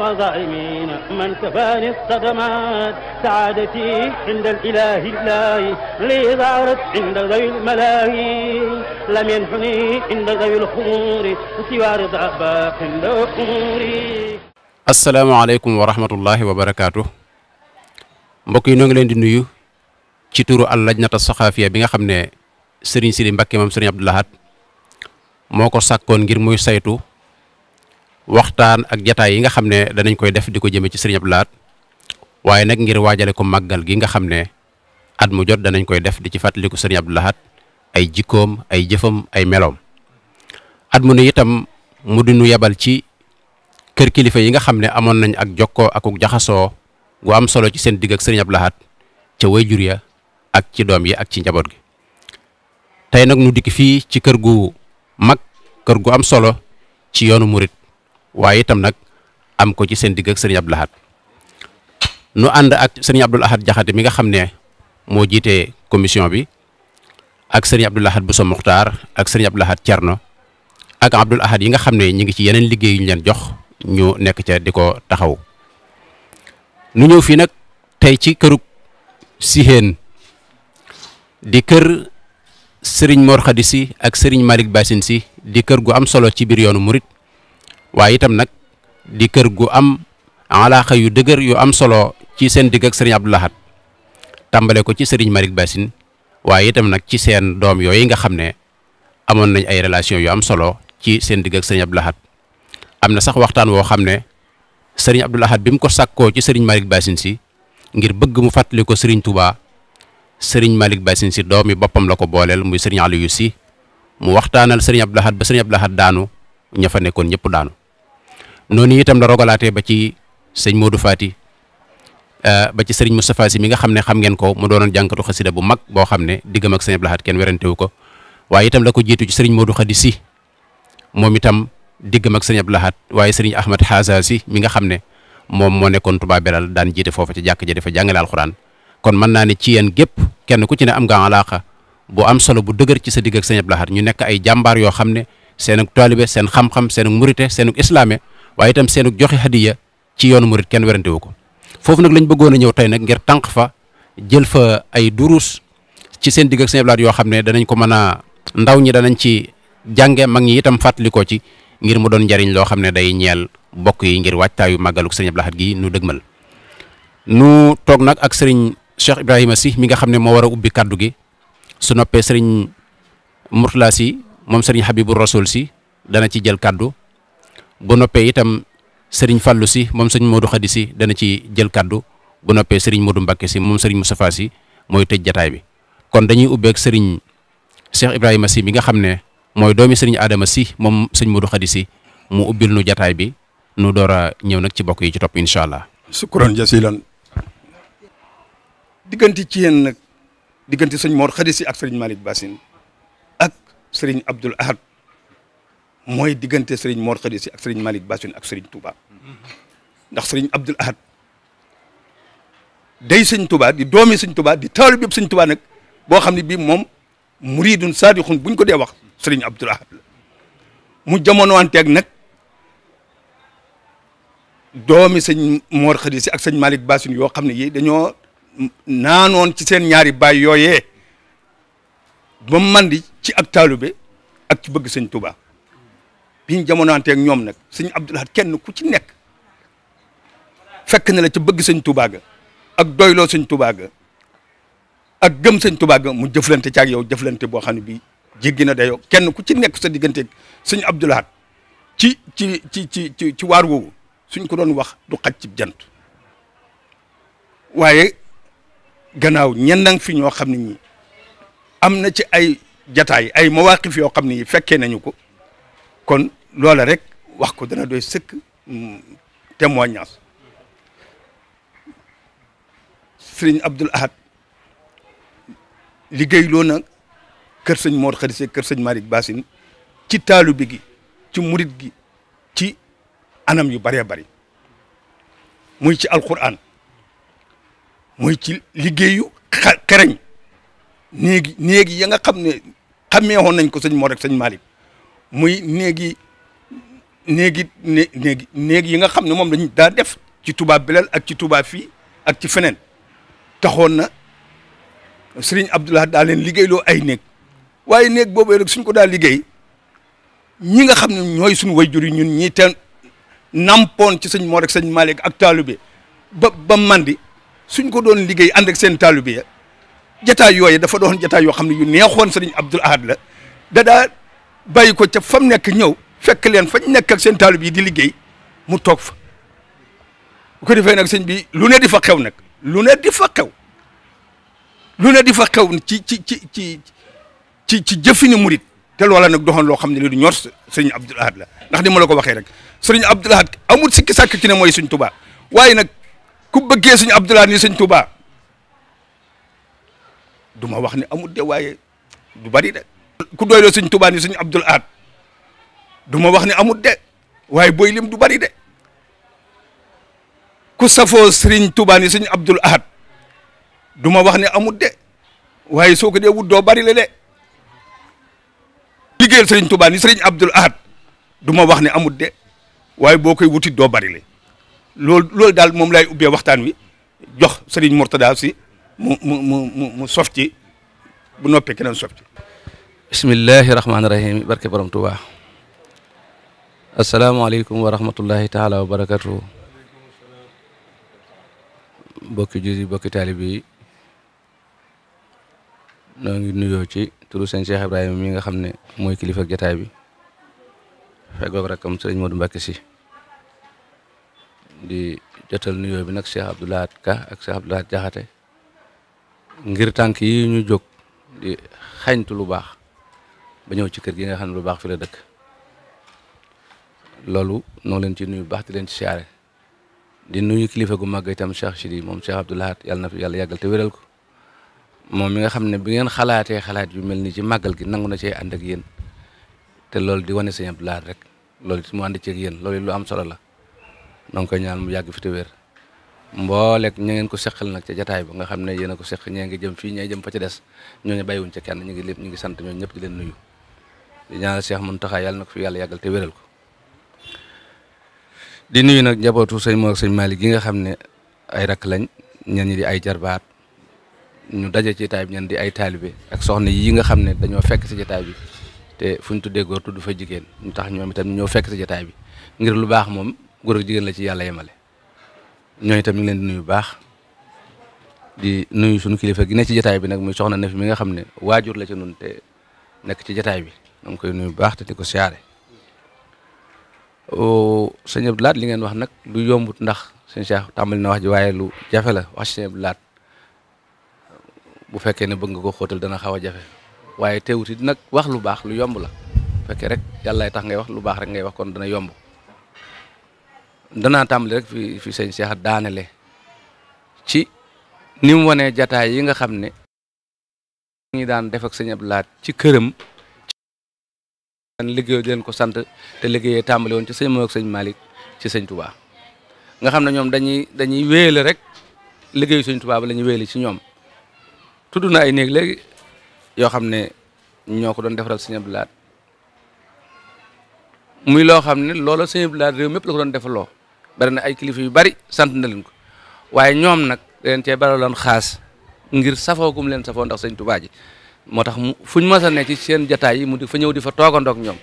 وظالمين من كفاني الصدمات سعادتي عند الإله الله لي ظهرت عند ذوي الملاهي لم ينحني عند ذوي الخمور سوى رضا باق عند السلام عليكم ورحمة الله وبركاته مبكي yi لين دي leen تي تورو ci turu al lajnata saxaafiya bi nga xam ne Serigne Sidi Mbacke moom Serigne Abdou Lahad moo ngir muy saytu waxtaan ak jataay yi nga xam ne danañ koy def di ko jëme ci Sëriñ Abdou waaye nag ngir waajale ko màggal gi nga xam ne at mu jot danañ koy def di ci fàttaliku Sëriñ Abdou ay jikkoom ay jëfam ay meloom at mu ne itam mu di nu yebal ci kër kilifa yi nga xam ne amoon nañ ak jokkoo akuk jaxasoo gu am solo ci seen digg ak Sëriñ Abdou ca wayjur ya ak ci doom yi ak ci njaboot gi tey nag nu dikk fii ci kër gu mag kër gu am solo ci yoonu murit waye itam nak am ko ci sen digg ak serigne Abdul Ahad nu and ak serigne Abdul Ahad jaxati mi nga xamne ne jité commission bi ak sëriñ Abdul Ahad so muxtar ak serigne Abdul Ahad Cerno ak Abdul Ahad yi nga xamne ne ngi ci yenen liggey yu ñen jox ñu nekk ci di taxaw nu ñew fi nak tay ci keuruk sihen di keur serigne Mor khadisi si ak serigne malik bassin si di keur gu am solo ci bir yoonu murit waye itam nak di kër gu am alaaxa yu dëgër yu am solo ci seen digg ak serigne Abdou Lahad tàmbale ko ci serigne Malick bassin waye itam nak ci seen doom yooyu nga xam amon nañ ay relation yu am solo ci seen digg ak serigne Abdou Lahad am nasak sax waxtaan wo xam serigne sëriñ Abdou Lahad ko sakko ci serigne bassin si ngir bëgg mu fatali ko serigne Touba serigne malik bassin si domi bopam lako bolel muy serigne Aliou si mu waxtanal serigne Abdou Lahad ba serigne Abdou Lahad daanu ña fa daanu. noonu itam la rogalaatee ba ci sëñ Modou Fati eh, ba ci sëriñ Moustapha si mi nga xam ne xam ngeen ko mu doonoon jànkatu xasida bu mag boo xam ne diggam ak sëñ Abdou Lahad kenn werantewu ko waaye itam la ko jiitu ci sëriñ Modou Khady si moom itam diggam ak sëñ Abdou waaye sëriñ Ahmad Xaasa si mi nga xam ne moom moo nekkoon Touba Belal daan jiite foofa ci jàkk ja dafa jàngale alxuraan kon mën naa ne ci yéen gépp kenn ku ci ne am nga alaaqa bu am solo bu dëgër ci sa digg ak sëñ Abdou Lahad ñu nekk ay jàmbaar yoo xam ne seen ak taalibe seen xam-xam seen murite seen ak waye tam senuk joxe hadiya ci yoonu murit ken werante wuko fofu nak lañ bëggoon ñew tay nak ngir tank fa jël fa ay durus ci sen digg ak seen blad yo xamne danañ ko mëna ndaw ñi danañ ci jàngé mag ñi itam ci ngir mu doon jariñ lo xamne day ñeel bokk yi ngir waajtaayu tayu magaluk Abdou Lahad gi nu dëgmal nu tok nak ak sëriñ Cheikh Ibrahima si mi nga xamne mo wara ubbi kaddu gi su noppé murtala si mom sëriñ habibur rasul si dana ci jël kaddu bu noppé itam serigne Fallou si mom serigne Modou khadisi dana ci jël kaddu bu noppé serigne Modou Mbacké si mom serigne Moustapha si moy tej jotaay bi kon dañuy ak serigne Cheikh Ibrahima si mi nga xamné moy doomi serigne Adama si mom serigne Modou khadisi mu ubbil nu jotaay bi nu dora ñew nak ci bokk yi ci top inshallah allah. jasilan Diganti ci yeen nak diganti serigne modou khadisi ak serigne malik Bassine ak serigne Abdoul Ahad mooy diggante sëriñ moor Khady Sy ak Serigne Malick Bassine ak Serigne Touba ndax Serigne Abdoul Ahad day Serigne Touba di doomi Serigne Touba di taalib yëpp Serigne Touba nag boo xam ne bii moom muridun saadixun buñ ko dee wax sëriñ Abdoul Ahad la mu jamonowanteeg nag doomi sëñ Mor Khady Sy ak Serigne Malick Bassine yoo xam ne yi dañoo naanoon ci seen ñaari baay yooyee ba man di ci ak taalube ak ci bëgg sëñ Touba biñ jamonaanteeg ñoom nag sëñ Abdou kenn ku ci nekk fekk na la ci bëgg sëñ tubaaga ak doyloo sëñ tubaaga ak gëm sëñ tubaaga mu jëflante caag yow jëflante boo xam ne bii jéggi na dayoo kenn ku ci nekk sa digganteeg sëñ Abdou Lahad ci ci ci ci ci ci waar woowu suñ ko doon wax du xaj ci jant waaye gannaaw ñenn fi ñoo xam ne ñi am na ci ay jataay ay mawaqif yoo xam ne yi fekkee nañu ko loola rek wax ko dana doy sëkk mm, témoignage sëriñ Abdul Ahad liggéeyloo na kër sëñ Mor Khary kër sëñ Malick Bassine ci taalibe gi ci murit gi ci anam yu bëree bëri muy ci alquran muy ci liggéeyu xereñ néegi néegi ya nga xam ne xammeewoon nañ ko sëñ Mor ak sëñ Malick muy néegi néegi né néegi néeg yi nga xam ne moom lañ daa def ci Touba Belel ak ci Touba fii ak ci feneen taxoon na Serigne Abdoulaye daa leen liggéeyloo ay néeg waaye néeg boobu rek suñ ko daa liggéey ñi nga xam ne ñooy suñu wayjur yi ñun ñi te nampoon ci sëñ moo rek sëñ Malick ak taalibe ba ba mandi suñ ko doon liggéey ànd ak seen taalibe jataay yooyu dafa doon jataay yoo xam ne yu neexoon Serigne Abdoul Ahad la da daa bàyyi ko ca fam nekk ñëw fekk leen fañ nekk ak seen taalib yi di liggéey mu toog fa bu ko defee nag sëñ bi lu ne di fa xew nag lu ne di fa xew lu ne di fa xew ci ci ci ci ci ci jëfini murit te loola nag doxoon loo xam ne li di ñor sëriñ Abdul Ahad la ndax ni ma la ko waxee rek sëriñ Abdul Ahad amul sikki sàkk ci ne mooy suñ tubaa waaye nag ku bëggee suñu Abdul Ahad ni suñ tubaa du ma wax ne amul de waaye du bari de ku doyloo suñ tubaa ni suñ Abdul Ahad du ma wax ne amut de waaye booy lim du bari de ku safoo Serigne Touba ni Serigne Abdoul Ahad du ma wax ne amut de waaye soo ko dee wut doo bari le de liggéeyal Serigne Touba ni Serigne Abdoul Ahad du ma wax ne amut de waaye boo koy wutit doo bari le loolu loolu daal moom lay ubbee waxtaan wi jox Serigne Mourtada si mu mu mu mu sof ci bu noppee keneen sof ci. bismillahi rahmaani rahim barke borom Touba. asalaamaaleykum wa rahmatullahi taala wa barakatuhu bokki juri bokki taalib yi ngi nuyoo ci turu sëñ Cheikh Ibrahima mi nga xam ne mooy kilifa jataay bi fegoog rakam sëriñ Modou Mbacke si di jotal nuyoo bi nag Cheikh Abdoulahat Ka ak Cheikh Abdoulahat Jaxate ngir tànk yi ñu jóg di xañtu lu baax ba ñëw ci kër gi nga xam ne lu baax fi la dëkk loolu noo leen ci nuyu baax di leen ci siyaare di nuyu kilifa gu màgg itam Cheikh Sidi moom Cheikh Abdou Lahad yàlla na fi yàlla yàggal te wéral ko moom mi nga xam ne bi ngeen xalaatee xalaat yu mel nii ci màggal gi nangu na cee ànd ak yéen te loolu di wane Sëñ Abdou rek loolu it mu ànd ceeg yéen loolu lu am solo la donc koy ñaan mu yàgg fi te wér mbooleeg ña ngeen ko seqal nag ca jataay ba nga xam ne yéen a ko seq ñee ngi jëm fii ñee jëm fa ca des ñooñu bàyyiwuñ ca kenn ñu ngi lépp ñu ngi sant ñooñu ñëpp di leen nuyu di ñaanal Cheikh Mountakha na ko fi yàlla ko di nuyu nag njabootu sëñ Mor ak sëñ Malick gi nga xam ne ay rakk lañ ñen ñi di ay jarbaat ñu daje ci taay bi ñen di ay taalibe ak soxna yi nga xam ne dañoo fekk si jotaay bi te fu ñu tuddee góor tudd fa jigéen ñu tax ñoom itam ñoo fekk si jotaay bi ngir lu baax moom góor ak jigéen la ci yàlla yemale ñoo itam ñu ngi leen di nuyu baax di nuyu suñu kilifa gi ne ci jotaay bi nag muy soxna Nafi mi nga xam ne waajur la ci nun te nekk ci jotaay bi ñoo ngi koy nuyu baax te di ko siyaare sëñ Abdou Lahad li ngeen wax nag lu yombut ndax sëñ Cheikh tàmbali na wax ji waaye lu jafe la wax sëñ Abdou Lahad bu fekkee ne bëgg nga ko xóotal dana xaw a jafe waaye teewut it nag wax lu baax lu yomb la bu fekkee rek yàllaay tax ngay wax lu baax rek ngay wax kon dana yomb danaa tàmbali rek fi fi sëñ Cheikh daanele ci ni mu wanee jataay yi nga xam ne ñi daan def ak sëñ Abdou Lahad ci këram liggéeyoo di leen ko sant te liggéeyee tàmbali woon ci sëñ Maodo ak sëñ Malick ci sëñ Touba nga xam ne ñoom dañuy dañuy wéyale rek liggéeyu sëñ Touba ba la ñuy wéyale ci ñoom tudd na ay néeg léegi yoo xam ne ñoo ko doon defaral sëñ Abdou Lahad muy loo xam ne loolo sëñ Abdou Lahad réew mépp la ko doon defaloo bari na ay kilifa yu bari sant na leen ko waaye ñoom nag da leen cee baraloon xaas ngir safoo gum leen safoo ndax sëñ Touba moo tax mu fuñ mës a ne ci seen jataay yi mu di fa ñëw di fa toogandoog ñoom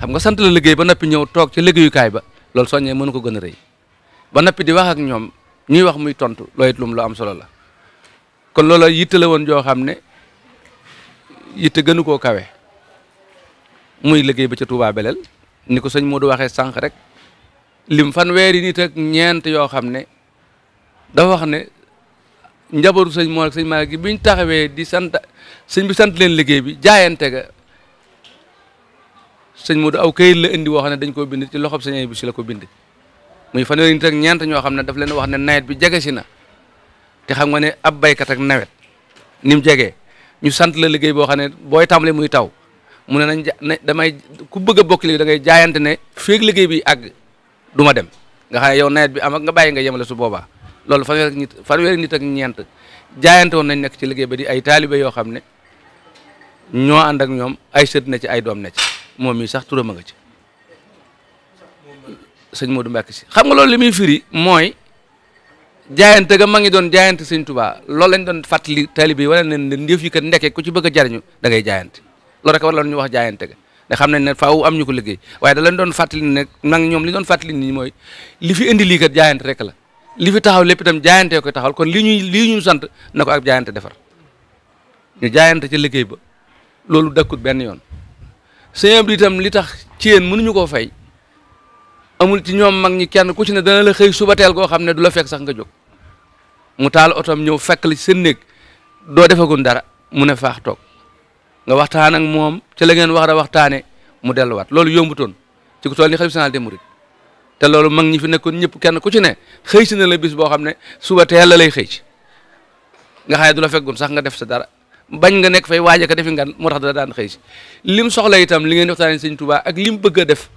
xam nga sant la liggéey ba noppi ñëw toog ci liggéeyukaay ba loolu soññee mënu ko gën a rëy ba noppi di wax ak ñoom ñuy wax muy tontu loolu it lum am solo la kon loola yitte la woon joo xam ne yitte gënu koo kawe muy liggéey ba ca Touba Belel ni ko sëñ moo Modou waxee sànq rek lim weeri nit ak ñeent yoo xam ne dafa wax ne njabootu sëñ moo ak sëñ Malick gi biñ taxawee di sant. sëñ bi sant leen liggéey bi jaayante ga mu Modou aw këyit la indi woo xam ne dañ koo bind ci loxo sëñ bi si ko bind muy fanweeri nit ak ñeent ñoo xam ne daf leen wax ne nawet bi jege si na te xam nga ne ab baykat ak nawet ni mu jegee ñu sant la liggéey boo xam ne booy tàmbali muy taw mu ne nañ ja damay ku bëgg a bokk léegi da ngay jaayante ne féeg liggéey bi àgg du dem nga xam yow nawet bi am ak nga bàyyi nga yemale su boobaa loolu fanweeri nit fanweeri ak ñeent jaayante woon nañ nekk ci liggéey ba di ay taalibe yoo xam ne ñoo ànd ak ñoom ay sët na ci ay doom na moom mii sax turam a nga ci sëñ Modou Mbacke si xam nga lool li muy firi mooy jaayante ga ma ngi doon jaayante sëñ Touba loolu lañ doon fàttali taalibe yi wala ne yi kat ndeke ku ci bëgg a da ngay jaayante loolu rek war wax jaayante ga da xam nañ ne faaw am ñu ko liggéey waaye da lañ doon fàttali ne nag ñoom li doon fàttali nii mooy li fi indi lii kat jaayante rek la li fi taxaw lépp itam jaayante koy taxawal kon li ñuy lii ñu sant na ak jaayante defar ñu jaayante ci liggéey ba loolu dëkkut benn yoon sëñ Abdou itam li tax ceen mënuñu koo fay amul ci ñoom mag ñi kenn ku ci ne dana la xëy suba teel goo xam ne du la fek sax nga jóg mu taal otoom ñëw fekk li ci seen néeg doo defagun dara mu ne faax toog nga waxtaan ak moom ci la ngeen wax da waxtaane mu delluwaat loolu yombutoon ci ku toll ni xalif général des te loolu mag ñi fi nekkoon ñëpp kenn ku ci ne xëy si na la bis boo xam ne suba teel la lay xëy nga xam ne du la fekkoon sax nga def sa dara bañ nga nekk fay waaje ko defi nga moo tax da daan xëy si lim soxla itam li ngeen waxtaanee sëñ Touba ak lim bëgg a def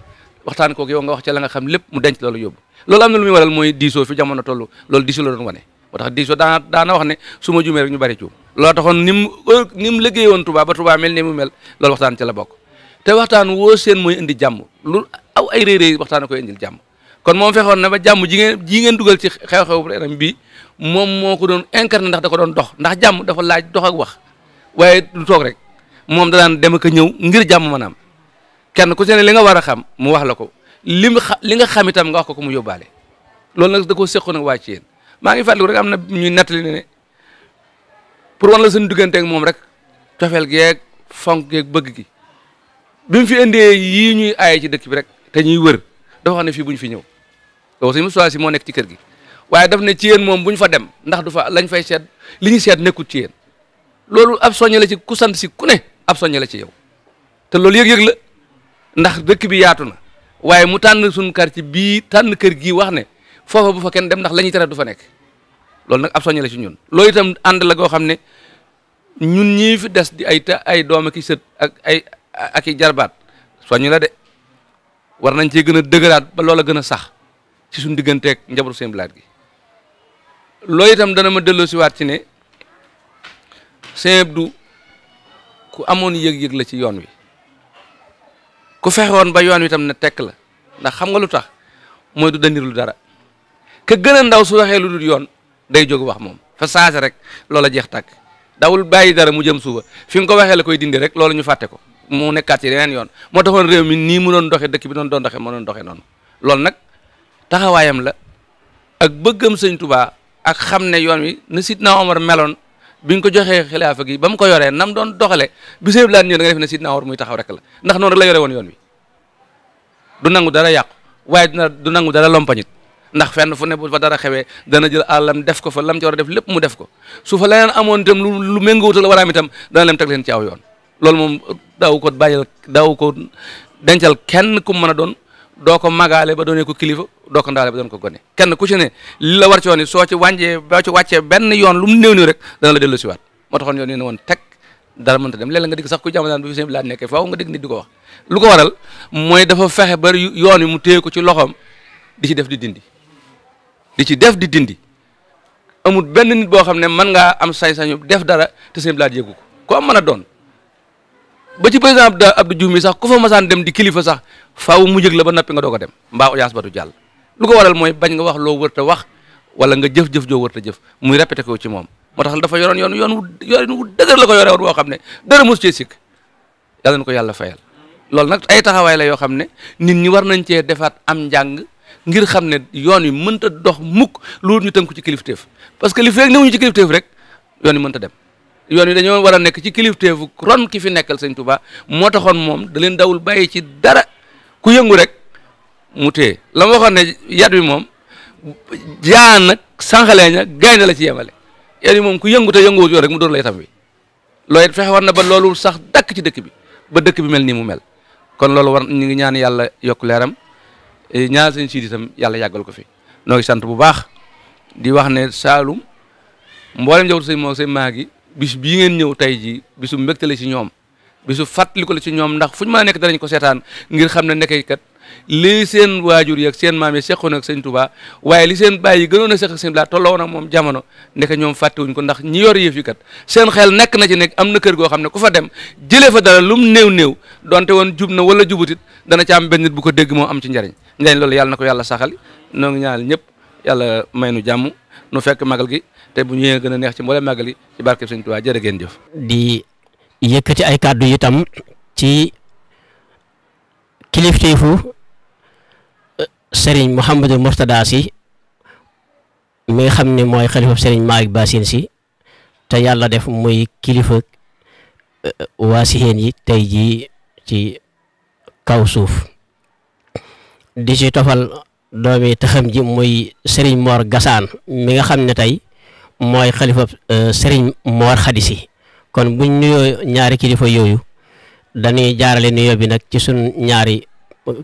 waxtaan kook yow nga wax ca la nga xam lépp mu denc loolu yóbbu loolu am na lu muy waral mooy diisoo fi jamono toll loolu diisoo la doon wane moo tax diisoo daana wax ne su ma jumee rek ñu bari cuub loolu taxoon ni mu mel ni mu mel loolu waxtaan ca la bokk te waxtaan woo seen mooy indi jàmm lu aw ay réy réy waxtaan koy indil jàmm kon moom fexoon na ba jàmm ji ngeen ji ngeen dugal ci xew-xew bu moo ko doon incarné ndax da doon dox ndax jàmm dafa laaj dox ak wax waaye du toog rek moom da daan dem ak ñëw ngir jàmm maanaam kenn ku ci ne li nga war a xam mu wax la ko li mu li nga xam itam nga wax ko ko mu yóbbaale loolu nag da koo seqoon ak waa maa ngi fàttaliku rek am na ñuy nettali ne ne pour wan la suñu moom rek cofeel geeg fonk bëgg gi bi mu yii ñuy aaye ci dëkk bi rek te ñuy wër dafa wax ne fii bu ñu fi ñëw loolu suñu soxla si moo nekk ci kër gi waaye daf na ci yéen moom bu ñu fa dem ndax du fa lañ fay seet li ñu seet nekkul ci yéen loolu ab soññe la ci ku sant si ku ne ab soññe la ci yow te loolu yëg-yëg la ndax dëkk bi yaatu na waaye mu tànn suñu quartier bii tànn kër gi wax ne foofa bu fa kenn dem ndax lañuy ñuy tere du fa nekk loolu nag ab soññe la ci ñun loolu itam ànd la goo xam ne ñun ñii fi des di ay ta ay doom aki sët ak ay ak i jarbaat soññ la de war nañ cee gën a dëgëraat ba lool a gën a sax ci suñu digganteek njabootu seen blaat gi loolu itam dana ma delloo siwaat ci ne Sëñ du ku amoon yëg-yëg la ci yoon wi ku fexewoon ba yoon wi tam na tekk la ndax xam nga lu tax mooy du dandirlu dara ka gën a ndaw su waxee lu dul yoon day jóg wax moom fa saase rek loola jeex takk dawul bàyyi dara mu jëm suba fi nga ko waxee la koy dindi rek loola ñu fàtte ko mu nekkaat ci yeneen yoon moo taxoon réew mi nii mu doon doxee dëkk bi doon doon doxee moo doon doxee noonu loolu nag taxawaayam la ak bëggam sëñ Tuubaa ak xam ne yoon wi na bi ñu ko joxee xilaafa yi ba mu ko yore nam doon doxale bi sëñ Abdoulaye ñëw da nga def ne Sidna Omar muy taxaw rek la ndax noon rek la yore woon yoon wi du nangu dara yàqu waaye dina du nangu dara lompañit ndax fenn fu ne bu fa dara xewee dana jël àllam def ko fa lam ci war a def lépp mu def ko su fa leneen amoon itam lu lu méngoowutal waraam itam dana leen teg leen ci aw yoon loolu moom daaw ko bàyyil daaw ko dencal kenn ku mën a doon doo magaale ba doonee ko kilifa doo ko ndaale ba doon ko gone kenn ku ci ne li la war ci woon soo ci wàññee boo ci wàccee benn yoon lu mu néew nii rek dana la dellu siwaat moo taxoon yoon ne woon teg dara mënta dem léeg nga dégg sax ku jamono daan bu fi seen bilaat nekkee faaw nga dégg nit di ko wax lu ko waral mooy dafa fexe bari yoon wi mu téye ko ci loxoom di ci def di dindi di ci def di dindi amul benn nit boo xam ne mën ngaa am sañ-sañu def dara te seen bilaat yëgu ko mën a doon ba ci président Abdou Abdou djoumi sax ku fa masaan dem di kilifa sax faaw mu jeug la ba noppi nga doog a dem mba audience batou dial lu ko waral moy bañ nga wax loo wërta wax wala nga jëf-jëf joo wërta jëf muy répété ko ci mom motax dafa yoron yoon yoon yoon wu dëgër la ko yoré woon bo xamné ne mus ci sik yalla nako yalla fayal lol nak ay taxaway la yo xamné nit ñi war nañ ci defaat am jang ngir xamné ne yoon yi mënta dox mukk lu ñu tënku ci kilifteef parce que li fek rek newuñu ci kilifteef rek yoon yi mënta dem yoon wi dañoo war a nekk ci kilifteefu ron ki fi nekkal sëñ Touba moo taxoon moom da leen dawul bàyyi ci dara ku yëngu rek mu téye la ma waxoon ne yat wi moom jaan nag sànqalee na la ci yemale yat wi moom ku yëngu te yënguwut yoon rek mu dóor lay tam wi looy fexe war na ba loolu sax dàkk ci dëkk bi ba dëkk bi mel nii mu mel kon loolu war ñu ngi ñaan yàlla yokk leeram e ñaan sëñ Sidi itam yàlla yàggal ko fi noo ngi sant bu baax di wax ne Saalum mboolem jaww ji moo seen maa bis bii ngeen ñëw tey ji bisu mbégte la ci ñoom bisu fàttaliku la ci ñoom ndax fu ñu mën a nekk danañ ko seetaan ngir xam ne nekkee kat lii seen waajur yeeg seen maam yi seqoon ak sëñ Tuubaa waaye li seen baay yi gënoon a seq ak sëñ Tuubaa tolloo nag moom jamono nekk ñoom fàttewuñ ko ndax ñi yor yëf yi kat seen xel nekk na ci nekk am na kër goo xam ne ku fa dem jëlee fa dara lum néew néew donte woon jub na wala jubutit dana ci am benn nit bu ko dégg moo am ci njariñ njariñ loolu na ko yàlla saxal noo ngi ñaanal ñëpp nu fekk magal gi te bu ñëw gëna neex ci mbolé magal yi ci barké Sëñ Tuubaa jëre gën jëf. di yëkëti ay kàddu itam ci kilifteefu eh, Serigne mohammed murtada si mi xamni moy khalifa mooy Serigne si te yalla def muy kilifa eh, waa yi tay ji ci kaw suuf di ci tofal doomi taxam ji muy Serigne Mor gasaan mi nga xam ne tey mooy xalifa euh, Serigne Mor Xadisi kon buñ nuyoo ñaari kilifa yooyu dañuy jaarale nuyoo bi nag ci sun ñaari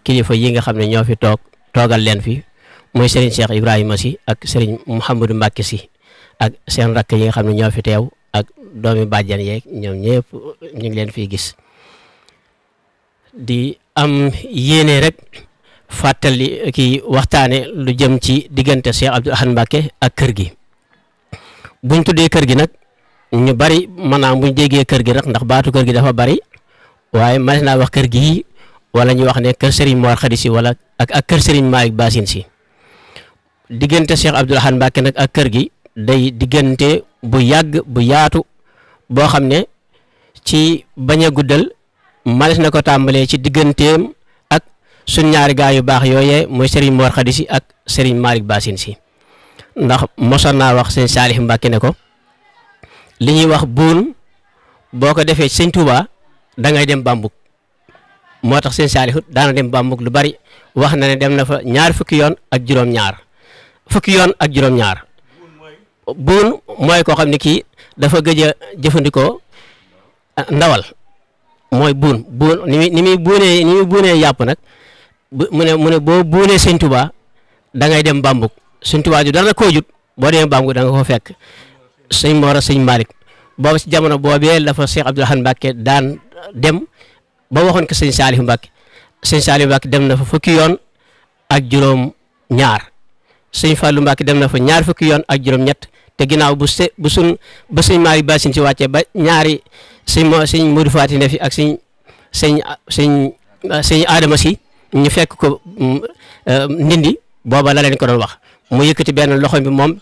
kilifa yi nga xam ne ñoo fi toog toogal leen fi muy Serigne Cheikh Ibrahima si ak Serigne Mouhamadou Mbacke si ak seen rakk yi nga xam ne ñoo fi teew ak doomi bàjjan yeeg ñoom ñëpp ñu ngi leen fiy gis di am yéene rek. fàttali eh, kii waxtaane lu jëm ci diggante Cheikh Abdoul Ahad Mbacké ak kër gi buñ tuddee kër gi nag ñu bari maanaam buñ déggee kër gi nag ndax baatu kër gi dafa bari waaye mën naa wax kër gi wala ñu wax ne kër Serigne Mor Khady si wala ak kër Serigne Malick Bassine si diggante Cheikh Abdoul Ahad Mbacké nag ak kër gi day diggante bu yàgg bu yaatu boo xam ne ci baña a guddal malis na ko tàmbalee ci digganteem suñ ñaari gaa yu baax yooyee mooy Serigne Mor Khady si ak Serigne Malick Bassine si ndax mosoon naa wax sëñ Saalix Mbàkke ne ko li ñuy wax buun boo ko defee sëñ Touba dangay dem Bambuk moo tax sëñ Saalix daana dem Bambuk lu bari wax na ne dem na fa ñaar fukki yoon ak juróom-ñaar fukki yoon ak juróom-ñaar buun mooy koo xam ne kii dafa gëj a jëfandikoo eh, ndawal mooy buun buun ni muy ni muy yàpp nag. mu mu ne boo buunee sëñ Tuubaa dem Bambug sëñ Tuubaa ju dara koo jut boo demee Bambug da nga ko fekk sëñ Mor ak sëñ Malick boobu si jamono boobee la fa Cheikh Abdoul daan dem ba waxoon ko sëñ Saliou Mbacké sëñ Saliou dem na fa fukki yoon ak juróom ñaar sëñ Fallou Mbacké dem na fa ñaar fukki yoon ak juróom te ginnaaw bu se bu ba sëñ Malick Ba sin si wàccee ba ñaari sëñ mo sëñ Modou Fati ne fi ak sëñ sëñ sëñ sëñ Adama si ñu fekk ko mm, euh, ndindi booba la len ko wa wax mu ti benn loxo bi moom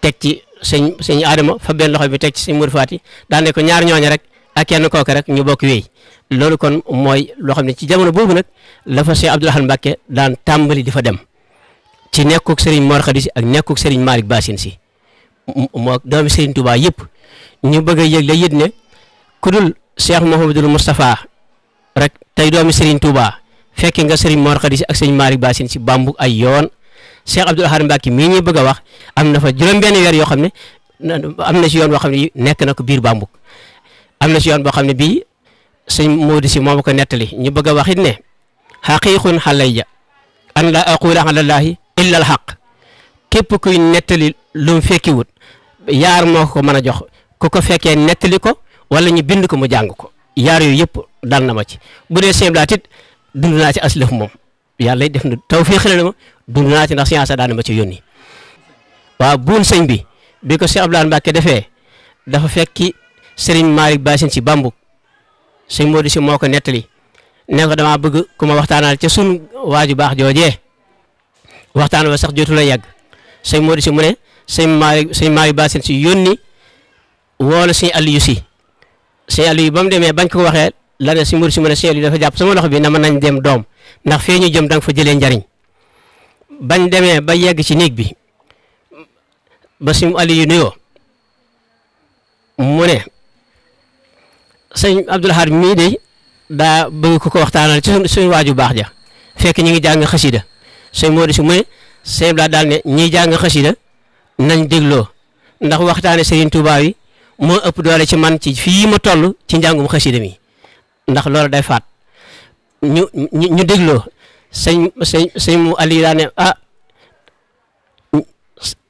teg ci sëñ sëñ Adama fo benn loxo bi teg ci sëñ Mourou Fati daane ko ñaar ñooñu rek ak kenn kooku rek ñu bokk wéy loolu kon mooy loo xam ne ci jamono boobu nag la fa Cheikh Abdoul Ahad Mbacké daan tàmbali di fa dem ci nekkuk Serigne Mor Khady si ak nekkuk Serigne Malick Bassine si moo doomi Serigne Touba yëpp ñu bëgg a yëg la yit ne ku dul Cheikh Mouhamadul Moustapha rek tey doomi Serigne Touba. fekke nga sëriñ Mor Khady si ak sëriñ Malick Bassine si bambu ay yoon Cheikh Abdoul Ahad Mbacké mii ñuy bëgg a wax am na fa juróom-benn yoo xam ne am na si yoon boo xam ne nekk na ko biir bambuk am na si yoon boo xam ne bii sëñ Modou si moom ko nettali ñu bëgg a wax it ne xaqiiqun xalayja an la aqula alallaahi illa al xaq képp kuy nettali lu mu fekkiwut yaar moo ko mën a jox ku ko fekkee nettali ko wala ñu bind ko mu jàng ko yaar yooyu yëpp dal ma ci bu dee sëñ dund naa moom yàlla def na taw fii na ma dund naa ci ndax science daan na ma ci yónni waaw buun sëñ bi bi ko Cheikh Abdoulaye Mbacke defee dafa fekki Serigne Malick Bassine ci Bambuk sëñ Modou si moo ko nettali ne ko damaa bëgg ku ma waxtaanal ca sunu waaju baax joojee waxtaan wa sax jotu la yàgg sëñ Modou si mu ne sëñ Malick sëñ si yónni woo na sëñ Aliou si sëñ Aliou ba mu demee bañ la ne si mbir si mu ne seel yi dafa jàpp sama loxo bi na ma nañ dem doom ndax fee ñu jëm danga fa jëlee njariñ bañ demee ba yegg ci néeg bi ba sim ali yu nuyoo mu ne sëñ Abdul Ahad mii de daa bëgg ku ko waxtaanal ci suñ waaju baax ja fekk ñi ngi jàng xasida sëñ moo di si mu ne sëñ bi daal ne ñiy jàng xasida nañ dégloo ndax waxtaane Serigne Touba yi moo ëpp doole ci man ci fii ma toll ci njàngum xasida mi ndax loolu day faat ñu ñu ñu dégloo sëñ sëñ sëñ mu Aliou daa ne ah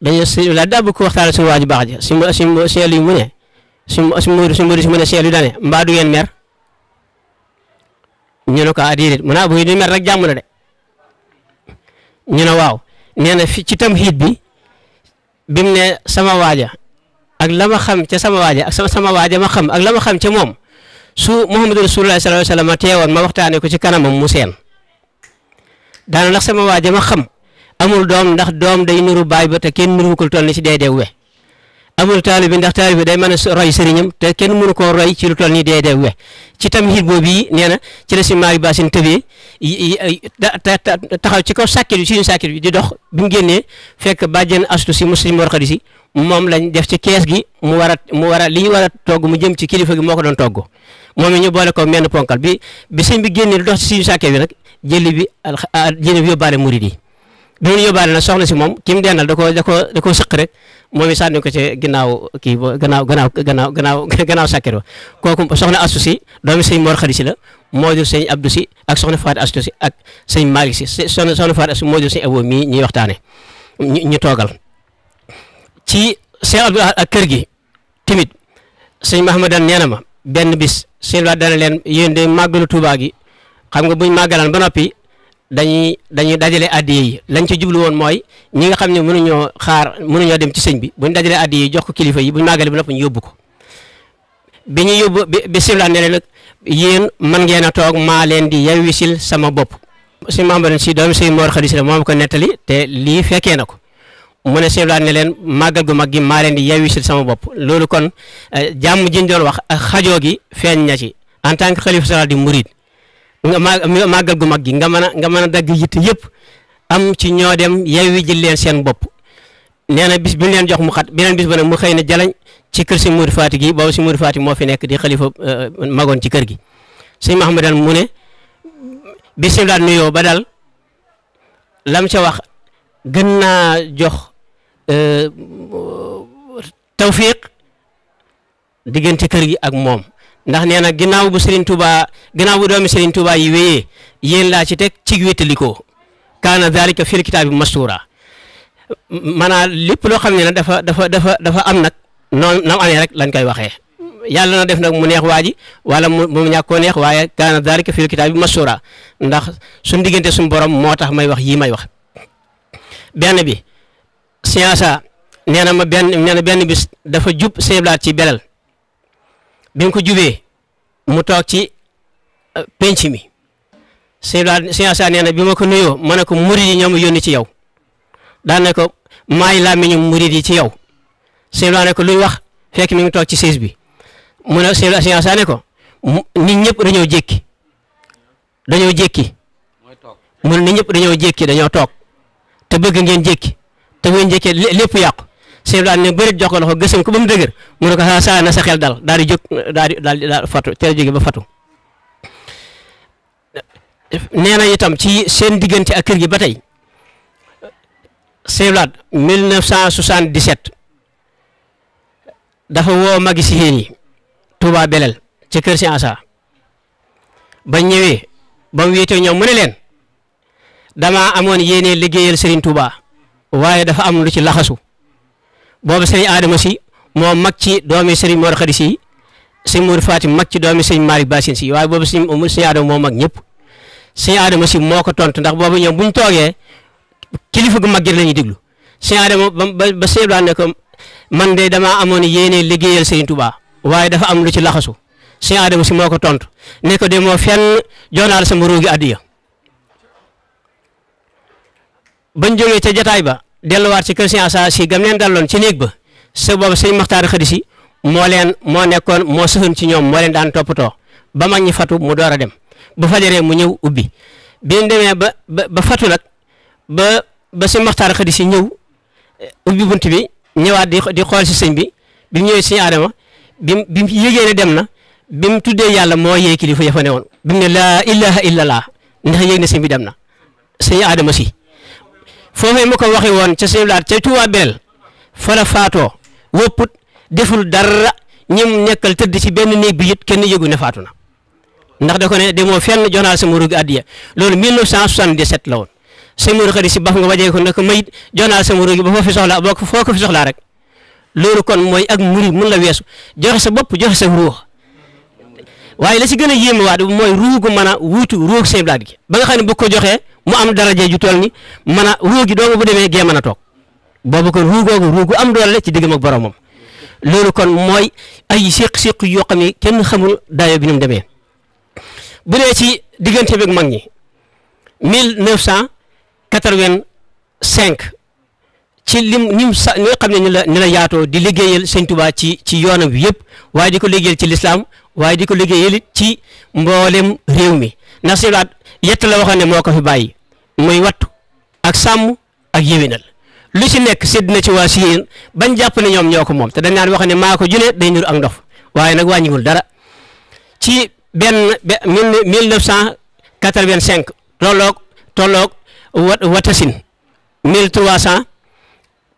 dañuy sëñ la daa bëgg waxtaan suñu waa ju baax ji suñu suñu suñu Aliou mu ne suñu suñu suñu Modou si mu ne suñu Aliou daa ne mbaa du ngeen mer ñu ne ko ah mu naa ah, bu ñu mer rek jàmm la de waaw nee na fi ci tamxiit bi bim ne sama waaja ak la ma xam ca sama waaja ak sama waaja ma xam ak la ma xam ca moom. su Muhammadu Rasulullah sallallahu alayhi wasallam teewoon ma waxtaanee ko ci kanamam mu seen daana ndax sama waa jama xam amul doom ndax doom day nuru baay ba te kenn nuru ko toll ni ci dee deew we amul taalibi ndax taalibi day mën a roy sëriñam te kenn mënu ko roy ci lu toll ni dee deew we ci tam boobu yi nee na ci la si maari baasin tëbee taxaw ci kaw sàkkit bi suñu sàkkit bi di dox bi mu génnee fekk bàjjen astu si muslim di si moom lañ def ci kees gi mu war a mu war a li ñu a togg mu jëm ci kilifa gi moo ko doon togg moom it ñu boole ko menn ponkal bi bi sëñ bi génnee dox ci suñu sàkkee bi nag jëli bi jëli bi yóbbaale murid yi bi mu yóbbaale nag soxna si moom ki mu da ko da koo da koo sëq rek moom it sànni ko ci ginnaaw kii ba gannaaw gannaaw gannaaw gannaaw gannaaw sàkkee ba kooku soxna Astu si doomi sëñ Mor Xadi si la moo jur sëñ Abdou si ak soxna Faat Astu si ak sëñ Malick si soxna soxna Faat Astu moo jur sëñ Abo mii ñuy waxtaane ñu toogal ci sëñ Abdou Ahad ak kër gi timit sëñ Mahamadan nee na ma benn bis sëñ Abdou leen yéen de màggalu Tuubaa gi xam nga buñ màggalaan ba noppi dañuy dañuy dajale addiya yi lañ ci jublu woon mooy ñi nga xam ne mënuñoo xaar mënuñoo dem ci sëñ bi buñ dajalee addiya yi jox ko kilifa yi bu buñ màggale ba noppi ñu yóbbu ko bi ñu yóbbu bi sëñ nee na nag yéen mën ngeen a toog maa leen di yewwisil sama bopp sëñ Mahamadan si doom sëñ Mor Khadija moom ko nettali te lii fekkee na ko mune ne sëñ ne leen màggal gu mag gi di yewi ci sama bop loolu kon eh, jam jiñ doon wax eh, ak gi feñ na ci en tant que di murid nga magal gu mag gi nga mën nga dag yitt yep am ci ño dem yewi jël len sen bop neena bis bi len jox mu xat benen bis bu ne mu xeyna jalañ ci keur eh, ci mourid Fatick gi baw ci mourid Fatick mo fi nek di khalifa magon ci keur gi seigne Mahamadan mu mune bisimilah nuyoo lam ci wax gën jox Euh, tawfiq diggante kër gi ak moom ndax nee na ginnaaw bu Serigne Touba ginnaaw bu doomi Serigne Touba yi wéyee yéen laa ci teg ci wétalikoo kaana dalika fil kitaabi mastura maanaam lépp loo xam ne nag dafa dafa dafa dafa am nag noonu nam amee rek lañ koy waxee yàlla na def nag mu neex waa ji wala mu mu ñàkk neex waaye kaana dalika fil kitaabi mastura ndax suñ diggante suñ borom moo tax may wax yii may wax bi siyaasa nee na ma benn nee benn bis dafa jub seeblaat ci belal bi ko jubee mu toog ci euh, penc mi seeblaat siyaasa nee na bi ma ko nuyoo ma ne ko murid yi ñoom yónni ci yow daan ne ko maay làmmiñu murid yi ci yow seeblaat ne ko luñ wax fekk mi ngi toog ci siis bi mu ne seeblaat siyaasa ne ko nit ñëpp dañoo jékki dañoo jékki mu ne nit ñëpp dañoo jékki dañoo toog te bëgg ngeen jékki te muy njëkkee lépp yàqu sëñ bi daal ne bëri jox ko loxo gësam ko ba mu dëgër mu ne ko saa saa na sa dal daal di jóg daal di daal di daal fatu teel jóge ba fatu nee na itam ci seen diggante ak kër gi ba tey Seyblad 1977 dafa woo magi si xéen yi Touba Belel ci kër si ba ñëwee ba mu wéetee ñoom mu ne leen damaa amoon yéene liggéeyal Serigne Touba waye dafa am lu ci laxasu bobu serigne Adama si mo mag ci doomi serigne Mor khadisi serigne Mor Fatim mag ci doomi serigne malik bassin si bobu serigne sëriñ serigne Adama mo mag ñep serigne Adama si moko tontu ndax bobu ñom buñ toge toogee kilifa gu mag lañu diglu serigne déglu Adama ba ba sëriñ Abdoulaye man de dama amone yene liggeyal serigne Touba waye dafa am lu ci laxasu serigne Adama si moko tontu neko de mo fenn jonal sa la sama bañ ca jotaay ba delluwaat ci kër si asa si gam leen daloon ci néeg ba sa boobu sëñ Maxtaar Xadi Si moo leen moo nekkoon moo sëxoon si ñoom moo leen daan toppatoo ba mag ñi fatu mu door a dem ba fajaree mu ñëw ubbi bi ñu ba ba fatu nag ba ba sëñ Maxtaar Xadi Si ñëw eh, ubbi bunt bi ñëwaat di di xool si sëñ bi bi mu ñëwee si Adama bi mu bi dem na bi mu tuddee yàlla moo yee kilifa ya fa woon bi mu ne laa ilaha illallah ndax yëg na sëñ bi dem na sëñ Adama si. foofee mu ko waxee woon ca sëñ laat ca Tuubaa Belel fa la faatoo wëpput deful dara ñim nekkal tëdd ci benn néeg bi it kenn yëgu ne faatu na ndax de ko ne demoo fenn jox naa sama rugi addiya loolu 1977 la woon sëñ Mourou Khady si baf nga wajee ko nag mayit jox naa sama rugi ba foo fi soxlaa foo ko fi rek loolu kon mooy ak muri mun la weesu joxe sa bopp joxe sa ruux waaye la si gën a yéeme waat mooy ruugu mën a wuutu ruug sëñ gi ba nga xam ne ko joxee mu am daraja ju toll ni mën a ruu gi doomu bu demee gee mën a toog boobu kon ruu googu ruu am doole ci diggam ak boromam loolu kon mooy ay séq-séq yoo xam ne kenn xamul dayo bi ñu demee bu dee ci diggante bi mag ñi mille neuf cent quatre ci lim ñim nga xam ne ñu la ñu yaatoo di liggéeyal sëñ Tuubaa ci ci yoonam bi yëpp waaye di ko liggéeyal ci lislaam waaye di ko liggéeyal ci mboolem réew mi ndax sëñ Laat la waxoon ne moo ko fi bàyyi muy wattu ak sàmm ak yéwénal lu ci nekk sédd na ci waa si yéen bañ jàpp ne ñoom ñoo ko moom te dañ naan wax ne maa ko junne day ñur ak ndof waaye nag wàññiwul dara ci benn mille neuf cent quatre-vingt-cinq tolloog tolloog watasin mille trois cent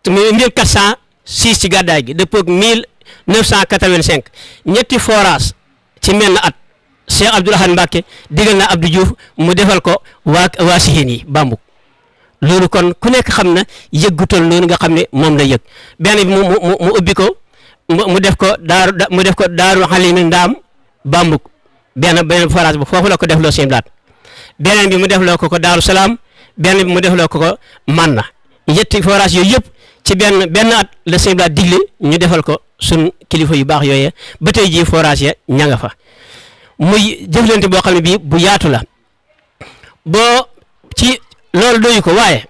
mille quatre cent six ci gàddaay gi dëppoog mille neuf cent quatre-vingt-cinq ñetti forage ci menn at Cheikh Abdoul Ahad Mbacke digal na Abdou Diouf mu defal ko waa waa Sihin yi Bambuk loolu kon ku nekk xam na yëggutal loolu nga xam ne moom la yëg benn bi mu mu mu ubbi ko mu def ko daaru mu def ko daaru xalimi ndaam Bambuk benn benn forage bu foofu la ko defloo seen laat beneen bi mu defloo ko ko daaru salaam benn bi mu defloo ko ko Manna yetti forage yooyu yëpp ci benn benn at la seen laat ñu defal ko sun kilifa yu baax yooyee ba tey jii forage ya ña nga fa. muy jëflante boo xam ne bii bu yaatu la boo ci loolu doyu ko waaye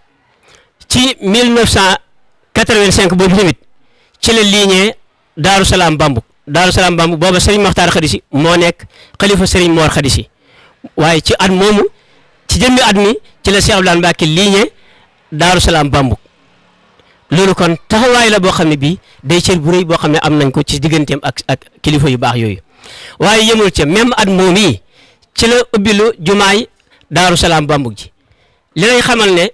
ci 1985 boobu tamit ci la liiñee Daaru Salaam Bambuk Daaru Salaam Bambuk booba Serigne Makhtar Khadisy moo nekk kalifa Serigne Mor Khadisy waaye ci at moomu ci jëmmi at ci la Cheikh Abdoulaye Mbacke liiñee Daaru Salaam Bambuk loolu kon taxawaay la boo xam ne bii day cër bu rëy boo xam ne am nañ ko ci digganteem ak ak kilifa yu baax yooyu. waye yemul ci même at momi ci la ubilu jumaay daru salam bambu ji lay xamal ne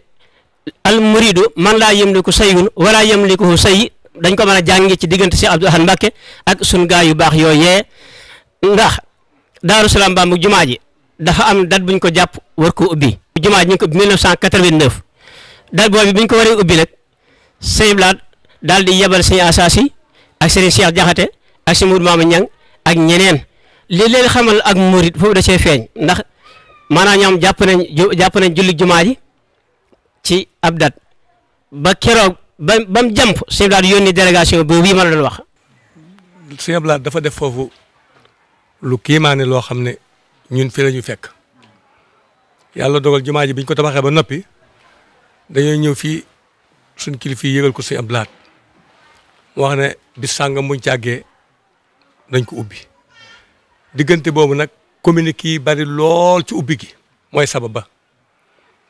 al muridu man la yamliku sayun wala yamliku sayy dañ ko mën a ci diggante si abdou Ahad Mbàkke ak sun ga yu bax yoyé ndax daru salam bambu jumaay ji dafa am dat buñ ko japp war ko ubbi jumaay ñu ko 1989 date boobu buñ ko waré ubbi nak sëñ dal di yebal sëñ asasi ak sëriñ Cheikh Jaxate ak ak ñeneen li leen xamal ak murit fofu da cee feñ ndax mana ñom japp nañ japp nañ julli juma ji ci abdat ba kéro ba ba mu jàmp yoni délégation bo wi ma la doon wax. sëñ blad dafa def fofu lu kiimaane loo xam ne ñun fi lañu fekk yalla dogal juma ji biñ ko tabaxé ba nopi dañu ñew fi suñ kilifi yi yëgal ko sëñ blad wax ne bis sàngam buñ càggee dañ ko ubbi diggante boobu nag communiqué kii bari lool ci ubbi gi mooy sabab ba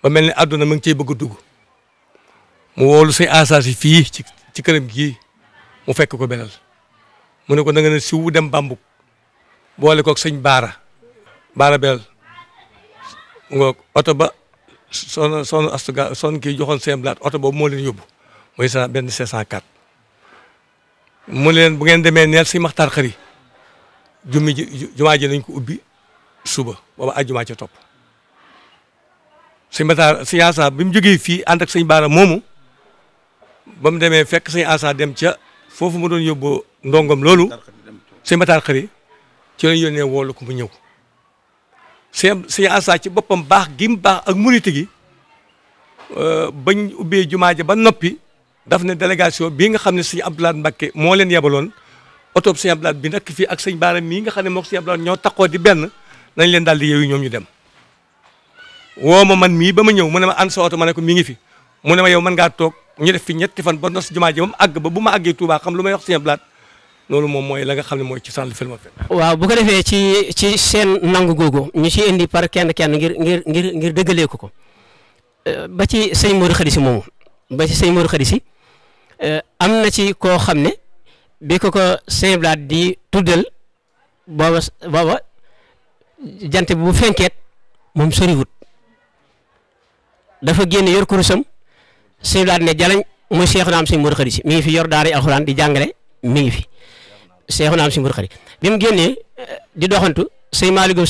ba mel ni àdduna mu ngi cey bëgg a dugg mu woolu say asaas yi fii ci ci këram gii mu fekk ko belal mu ne ko da nga ne siwu dem bambuk boole koog sëñ baara baara belal ngoog oto ba son son astuga son kii joxoon seen blaat oto boobu moo leen yóbbu mooy sa benn 504 mu leen bu ngeen demee neel si maxtaar xëri jummi ji jumaa ji nañ ko ubbi suba booba jumaa ca topp sëñ Matar sëñ Asa bi mu jógee fii ànd ak sëñ Baara moomu ba mu demee fekk sëñ Asa dem ca foofu mu doon yóbbu ndongom loolu sëñ Matar xëri ci lañ yónnee woolu ko mu ñëw sëñ sëñ Asa ci boppam baax gi mu baax ak murite gi euh, bañ ubbee jumaa ji ba noppi daf ne délégation bii nga xam ne sëñ Abdoulaye Mbacké moo leen yebaloon oto Sëñ Abdou Lahad bi nekk fii ak sëñ Baara mii nga xam ne moom Sëñ Abdou Lahad ñoo takkoo di benn nañ leen daal di yeewu ñoom ñu dem woo ma man mii ba ma ñëw mu ne ma ànd soo oto ma ne ko mi ngi fi mu ne ma yow man ngaa toog ñu def fi ñetti fan ba nos jumaa ji moom àgg ba bu ma àggee Touba xam lu may wax Sëñ Abdou Lahad moom mooy la nga xam ne mooy ci sànq film waaw bu ko defee ci ci seen nangu googu ñu ci indi par kenn kenn ngir ngir ngir ngir dëggalee ko ko ba ci sëñ Modou Khady si moomu ba ci sëñ Modou Khady si am na ci koo xam ne bi ko ko Sëñ Blaat di tuddal booba booba jant bi bu fenkeet moom soriwut dafa génn yor kurusam Sëñ Blaat ne jalañ muy seexu naam si si mi ngi fi yor daara alxuraan di jàngale mi ngi fi seexu naam si Mor Khary bi mu génnee eh, di doxantu sëñ Maaligum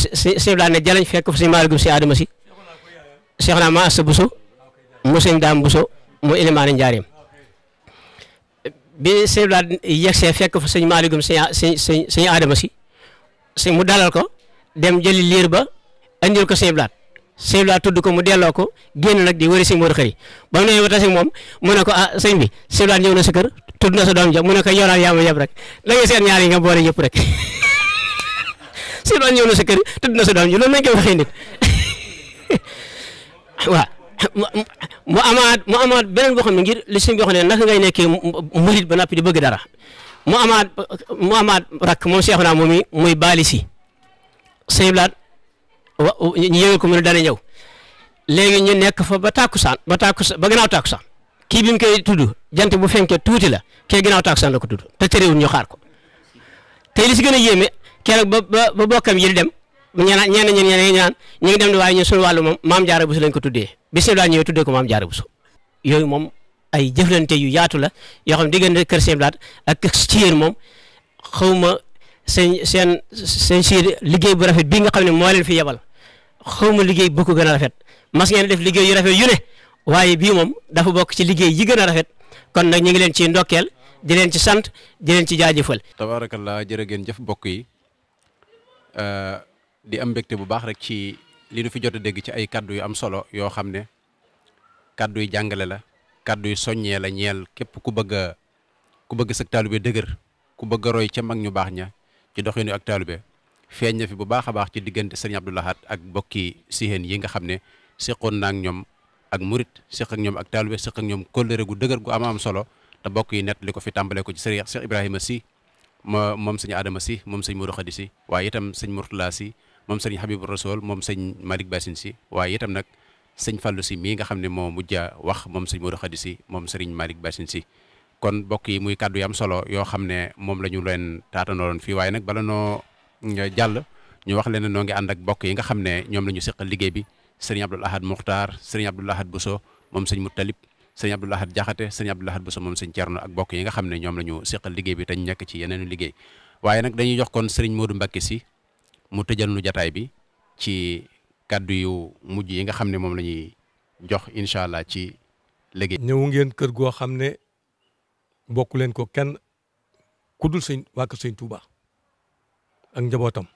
ne jalañ fekk fa sëñ Maaligum si Adama si seexu ma Assa Bousso mu sëñ Daam Bousso mu Elimaane Njaareem bi sëñ Blaat yegsee fekk fa sëñ Malick sëñ sëñ sëñ Adama si mu dalal ko dem jëli liir ba andil ko sëñ Blaat sëñ Blaat tudd ko mu delloo ko génn nag di wëri sëñ Modou Xëri ba mu ne ba tase moom mu ne ko ah sëñ bi sëñ Blaat ñëw na sa kër tudd na sa doom ja mu ne ko yow daal yaa ma yeb rek la nga seen ñaar yi nga boole yëpp rek sëñ Blaat ñëw na sa kër tudd na sa doom ja loolu lañ koy waxee nit waaw mu amaat mu amaat beneen boo xam ne ngir li sëñ bi wax ne naka ngay nekkee murit ba noppi di bëgg dara mu amaat mu amaat rakk moom seexu naa moom i muy baali si sëñ blaat ñu ko mu ne dana ñëw léegi ñu nekk fa ba tàkkusaan ba tàkkusaan ba gannaaw tàkkusaan kii bi mu koy tudd jant bu fenkee tuuti la kee gannaaw tàkkusaan la ko tudd te terewul ñu xaar ko tey li si gën a yéeme keroog ba ba bokkam dem ñenn ñenn ñenn ñenn ñaan ñu ngi dem di waaye ñu suñu wàllu moom maam jaara busu lañ ko tuddee bisimilah ñëwee tuddee ko maam jaara busu yooyu moom ay jëflante yu yaatu la yoo xam diggante kër seen blaat ak kër Thier moom xawma seen seen seen Thier liggéey bu rafet bii nga xam ne moo leen fi yebal xawma liggéey bu ko gën a rafet mas ngeen def liggéey yu rafet yu ne waaye bii moom dafa bokk ci liggéey yi gën a rafet kon nag ñu ngi leen ci ndokkeel di leen ci sant di leen ci jaajëfal. tabaarakallaa jërë ngeen jëf mbokk yi. Euh, di am mbégte bu baax rek ci li ñu fi jotté dégg ci ay cadeau yu am solo yo xamné ne yu jàngale la cadeau yu soññee la ñël képp ku bëgg ku bëgg sëk dëgër ku bëgg roy ci mag ñu baax ña ci doxinu ak taalube feeñ na fi bu kabah baax ci digënté Serigne Abdou Hat ak bokki sihen yi nga xamné ne seqoon naa ak ñoom ak murit ak ñom ak taalube seq ak ñom koléré gu dëgër gu am am solo te bokk yi net liko fi tambalé ko ci Serigne Cheikh Ibrahima si ma moom Adama si mom Serigne Mourou Khadisi si itam Serigne Mourtala si moom sëñ Habibou Rasoul moom sëñ Malick Bassine si waaye itam nag sëñ Fallou si mii nga xam ne moo mujja wax moom sëñ Modou Khady si moom sëriñ Malick Bassine si kon bokk yi muy kàddu solo yoo xam ne moom la ñu leen taatanooloon fii waaye nag bala noo eh, jàll ñu wax leen noo ngi ànd yi nga xam ne ñoom la ñu seqal liggéey bi sëriñ Abdoul Ahad Moukhtar sëriñ Abdoul Ahad Bousso moom sëñ Moutalib sëñ Abdoul Ahad Diakhaté sëñ Abdoul Ahad Bousso moom sëñ Thierno ak bokk yi nga xam ne ñoom la ñu seqal liggéey bi te nekk ci yeneenu liggéey waaye nag dañuy jox kon sëriñ Modou Mbacké si mu tejal nu jotaay bi ci kaddu yu mujj yi nga xamne ne lañuy jox inshallah ci legge ñew ngeen kër go xamne ne len ko kenn kudul dul wa ko kër Touba ak njabotam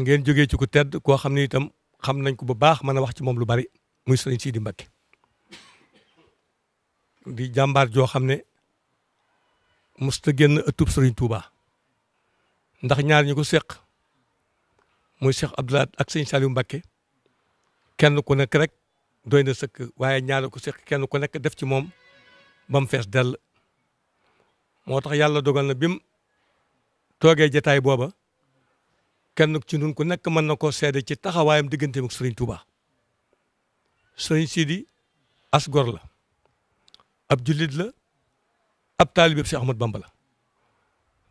ngeen joge ci ku tedd ko xamne ne itam xam nañ ko bu baax mëna wax ci mom lu bari muy sëñ Sidi Mbacké di jambar jo xamne ne musta genn ëttub sëriñ Touba. ndax ñaar ñi ko seq muy Cheikh Abdoul ak sëñ Saliou Mbacké kenn ku nekk rek doy na sëkk waaye ñaar ko seq kenn ku nekk def ci moom ba mu fees dell moo tax yàlla dogal na bim toogee jataay booba kenn ci nun ku nekk mën na koo seede ci taxawaayam digganteem ak Serigne Touba Serigne Sidi as gor la ab jullit la ab taalibe Cheikh Ahmad Bamba la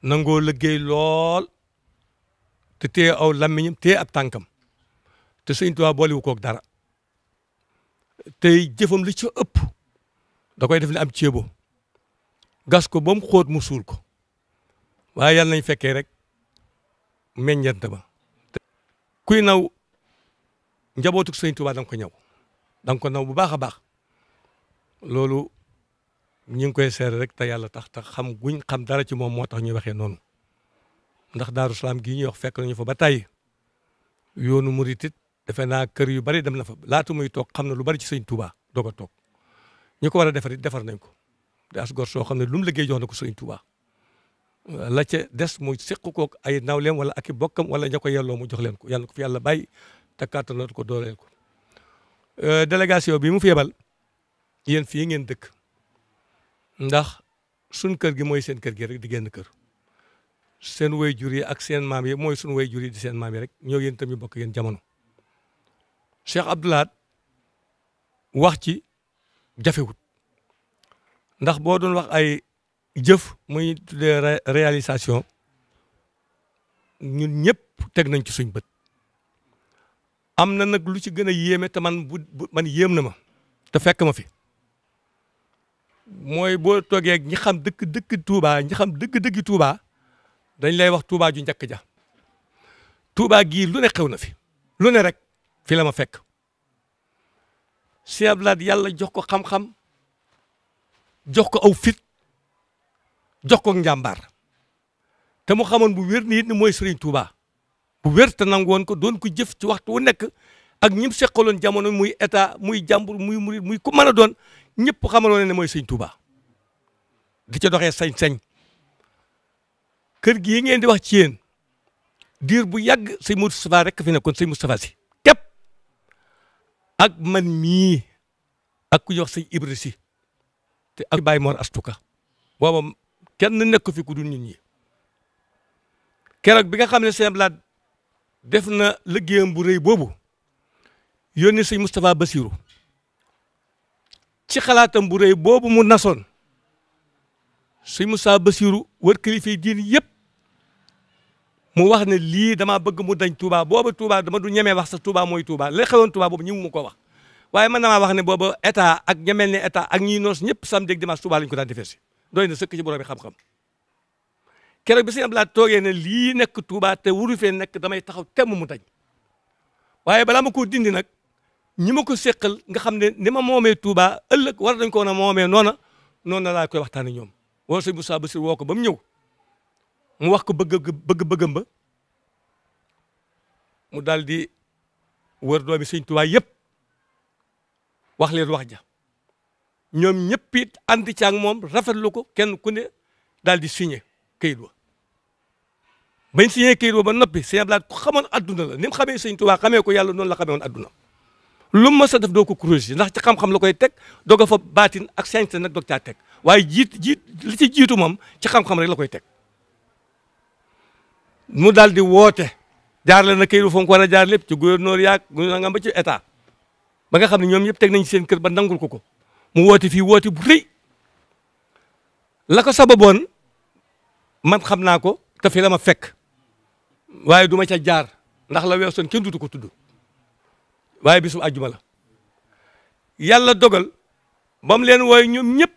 nangoo liggéey lool te téye aw lammiñam téye ab tànkam te Sëñ Tuubaa boolewu koog dara tey jëfam li ci ëpp da koy def ne am ceebo gas ko ba mu xóot mu suul ko waaye yàlla nañ fekkee rek meññeent ba kuy naw njabootuk Sëñ Tuubaa da ko ñaw da ko naw bu baax a baax loolu ñu ngi koy seere rek te yàlla tax tax xam guñ xam dara ci moom moo tax ñuy waxee noonu ndax Daaru Salaam gii ñuy wax fekk nañu fa ba tey yoonu murit it defe naa kër yu bari dem na fa laata muy toog xam na lu bari ci sëñ Touba doog a toog ñi ko war a defar it defar nañ ko di as gor soo xam ne lu liggéey jox na ko sëñ Touba la ca des mu seq kook ay nawleem wala ak i bokkam wala ña ko yelloo mu jox leen ko yàlla ko fi yàlla bàyyi te ko dooleel ko euh, délégation bi mu fi fii ngeen dëkk. ndax suñ kër gi mooy seen kër gi rek di génn kër seen way jur yi ak seen maam yi mooy suñu way jur yi di seen maam yi rek ñoo yéen bokk yeen jamono Cheikh Abdou Lahad wax ci jafewut ndax boo doon wax ay jëf muy tuddee réalisation ñun ñëpp teg nañ ci suñ bët am na nag lu ci gën a yéeme te man bu man yéem na ma te fekk ma fi mooy boo toogee ñi xam dëkk dëkk tuuba ñi xam dëgg-dëgg Touba dañ lay wax Touba ju njëkk ja Touba gii lu ne na fi lu rek fi la ma fekk Cheikh Abdoulaye yàlla jox ko xam-xam jox ko aw fit jox ko njàmbaar te mu xamoon bu wér ni it mooy Serigne Touba bu wér te nangu woon ko doon ko jëf ci waxtu wu nekk ak ñim seqaloon jamono muy état muy jàmbur muy murid muy ku mën a doon ñëpp xamaloon ne mooy sëñ Touba di ca doxee sañ-sañ kër gi yi ngeen di wax ci yéen diir bu yàgg sëñ Moustapha rek fi nekkoon sëñ Moustapha si képp ak man mii ak ku ñuy wax sëñ Ibra te ak Baye Mor Astuka booba kenn nekk fi ku dul ñun ñi keroog bi nga xam ne seen Abdoulaye def na liggéeyam bu rëy boobu. yónni sëñ Moustapha Bassirou ci xalaatam bu rëy boobu mu nasoon sëñ Moustapha Bassirou war kilifa yi diin yëpp mu wax ne lii damaa bëgg mu dañ Touba booba Touba dama du ñemee wax sax Touba mooy Touba la xewoon Touba boobu ñëw mu ko wax waaye man damaa wax ne booba état ak ñemel ne état ak ñiy noos ñëpp samedi ak dimanche Touba lañ ko daan defee si doy na sëkk ci borom bi xam-xam keroog bi sëñ Abdoulaye toogee ne lii nekk Touba te wuru fee nekk damay taxaw temm mu dañ waaye dindi nag. ñi ma ko séqal nga xam ne ni ma moomee Touba ëllëg war nañ ko woon a moomee noona noona laa koy waxtaanee ñoom woo sëñ Moussa Bassir woo ko ba mu ñëw mu wax ko bëgg bëgg bëggam ba mu daal di wër doomi sëñ Touba yëpp wax leen wax ja ñoom ñëpp it ànd ci ak moom rafetlu ko kenn ku ne daal di signé kayit wa bañ signé kayit wa ba noppi sëñ Ablaye ku xamoon adduna la ni mu xamee sëñ Touba xamee ko yàlla noonu la xamee woon adduna lu masa sa def doo ko corriger ndax ci xam-xam la koy teg doo ko fa baatin ak sañse nag doog caa teg waaye jiit jiit li ci jiitu moom ci xam-xam rek la koy teg mu daal di woote jaarale na kayit bu fa mu a jaar lépp ci gouverneur yaag nga ba ci état ba nga xam ne ñoom yëpp teg nañ seen kër ba nangul ko ko mu woote fi woote bu rëy la ko sababoon man xam naa ko te fi la ma fekk waaye du ma ca jaar ndax la weesoon kenn dutu ko tudd waaye bisu àjjuma la yàlla dogal ba leen wooye ñoom ñëpp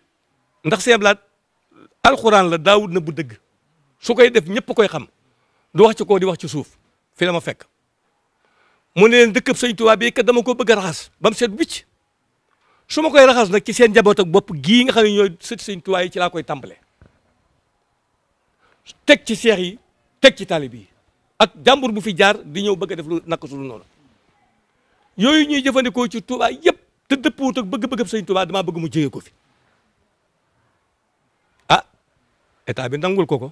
ndax seen laat alxuraan la daawut na bu dëgg su koy def ñëpp koy xam du wax ci kaw di wax ci suuf fi la ma fekk mu ne leen dëkkab sëñ Tuubaa bi kat dama ko bëgg a raxas bam mu set wicc su ma koy raxas nag ci seen njaboot ak gii nga xam ne ñooy sët sëñ Tuubaa yi ci laa koy tàmbale teg ci seex yi teg ci taalib yi ak jàmbur bu fi jaar di ñëw bëgg a def lu nakk su lu noonu yooyu ñuy jëfandikoo ci Touba yëpp te dëppwut ak bëgg-bëgg sëñ Touba damaa bëgg mu jëyee ko fi ah état bi nangul ko ko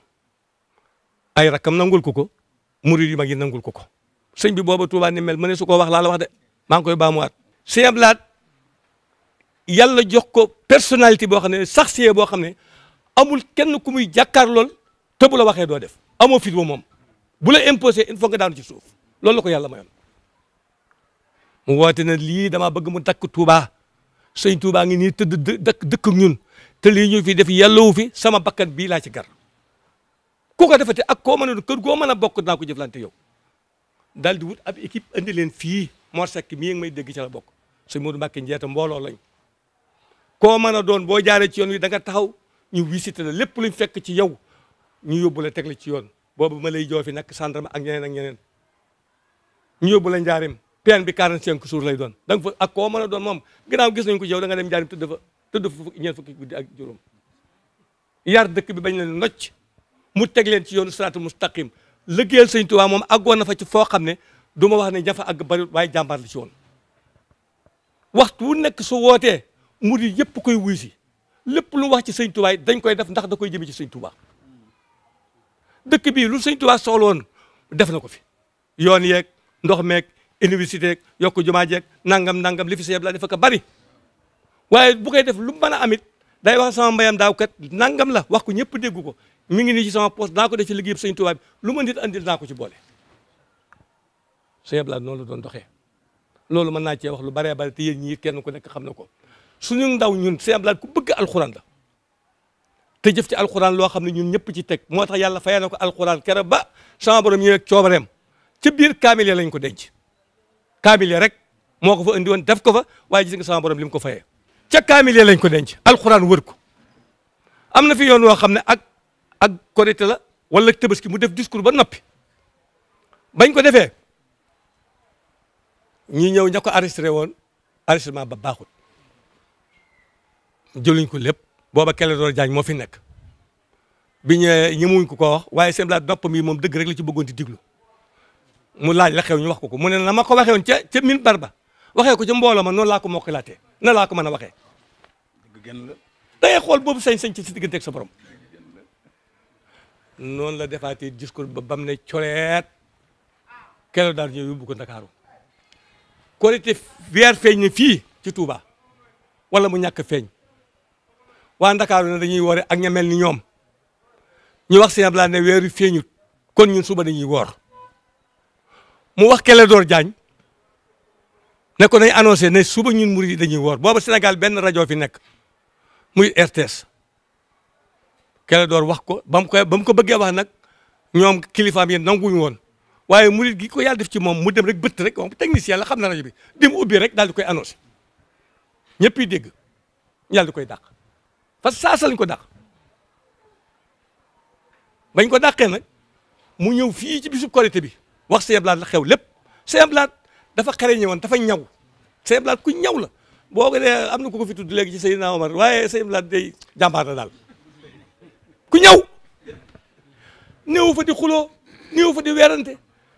ay rakkam nangul ko ko murid yi mag yi nangul ko ko sëñ bi boobu Touba ni mel ma ne su ko wax laa la wax de maa ngi koy baamuwaat. sëñ Ablaat yàlla jox ko personnalité boo xam ne saxsiyee boo xam ne amul kenn ku muy jàkkaarlool te bu la waxee doo def amoo fit ba moom bu la imposé il faut nga daanu ci suuf loolu la ko yàlla mayoon. mu woote na lii dama bëgg mu takk Touba sëñ Touba ngi nii tëdd dëkk dëkk ñun te lii ñu fi def yàllawu fi sama bakkan bii laa ci gar ku ko defate ak koo mën a kër goo mën a bokk dinaa ko jëflante yow daal di wut ab équipe andi leen fii Mor Seck mii ngi may dégg ci la bokk sëñ Modou Mbacke njeeta mbooloo lañ koo mën a doon boo jaaree ci yoon wi da nga taxaw ñu visité la lépp luñ fekk ci yow ñu yóbbu la tegle la ci yoon boobu ma lay joo fi nag sàndarma ak ñeneen ak ñeneen ñu yóbbu la njaarim peine bi 45 jours lay doon da nga fa ak koo mën a doon moom a gis nañ ko yow da nga dem jaarim tëdd fa tëdd fa fukki ñeent fukki guddi ak juróom yar dëkk bi bañ leen nocc mu teg leen ci yoonu siraatul mustaqim liggéeyal sëñ Tuubaa moom àggoon na fa ci foo xam ne du ma wax ne ñafa àgg bari waaye jàmbaar la ci woon waxtu wu nekk su wootee murid yëpp koy wuy si lépp lu wax ci sëñ Tuubaa dañ koy def ndax da koy jëmee ci sëñ Tuubaa dëkk bi lu sëñ Tuubaa soxla woon def na ko fi yoon yeeg ndox meeg université yokk jumaa jeeg nangam nangam li fi seeb la dafa ko bari waaye bu koy def lu mën a amit day wax sama mbayam daaw kat nangam la wax ko ñëpp dégg ko mi ngi nii ci sama poste naa ko def ci liggéey sëñ lu ma nit naa ko ci boole sëñ Abdoulaye noonu doon doxee loolu mën naa cee wax lu baree bari te yéen ñii kenn ku nekk xam ne ko suñu ndaw ñun sëñ Abdoulaye ku bëgg alxuraan da te jëf ci alxuraan loo xam ne ñun ñëpp ci teg moo tax yàlla fayee na ko alxuraan kere ba sama borom ñëwee coobareem ci biir kaamil lañ ko denc kaamil rek moo ko fa indi woon def ko fa waaye gis nga sama borom li mu ko fayee ca kaamil lañ ko denc alxuraan wër ko am na fi yoon woo xam ne ak ak korite la wala tabaski mu def discours ba noppi bañ ko defee ñi ñëw ña ko arrêté woon arrêtement ba baaxul jëluñ ko lépp booba Clédor Diagne moo fi nekk bi ñëwee ñëmuñ ko ko wax waaye seen la noppam yi moom dëgg rek la ci bëggoon di diglu mu laaj la xew ñu wax ko ko mu ne na ma ko waxee ca ca min barba waxee ko ca mbooloo ma noonu laa ko mokkalaatee na laa ko mën a waxee da ngay xool boobu sañ-sañ ci si digganteeg sa borom noonu la defaatee discours ba bam ne coleet kelo daal ñëw yóbbu ko Ndakaaru korité weer feeñ ne fii ci tuuba wala mu ñàkk feeñ waa Ndakaaru ne dañuy woore ak ña mel ni ñoom ñu wax seen Abdoulaye ne weeru feeñut kon ñun suba dañuy woor mu wax Clédor Diagne ne ko nañ annoncé ne suba ñun murid dañuy woor booba senegal benn rajo fi nekk muy RTS Clédor wax ko ba mu ko ba mu ko bëggee wax nag ñoom kilifaam yi nanguñu woon waaye murid gii ko yàlla def ci moom mu dem rek bëtt rek moom technicien la xam na rajo bi dem ubbi rek daal di koy annoncé ñëpp yi dégg yàlla di koy dàq parce que saasa lañ ko dàq bañ ko dàqee nag mu ñëw fii ci bisu korité bi wax sëñ blad la xew lépp sëñ blad dafa xare ñewon dafa ñaw sëñ blad ku ñaw la bo ko dee amna na ku ko fi tuddu legi ci Seydina Omar waye sëñ blad day jàmbaar dal ku ñaw néew fa di xulo néew fa di wérante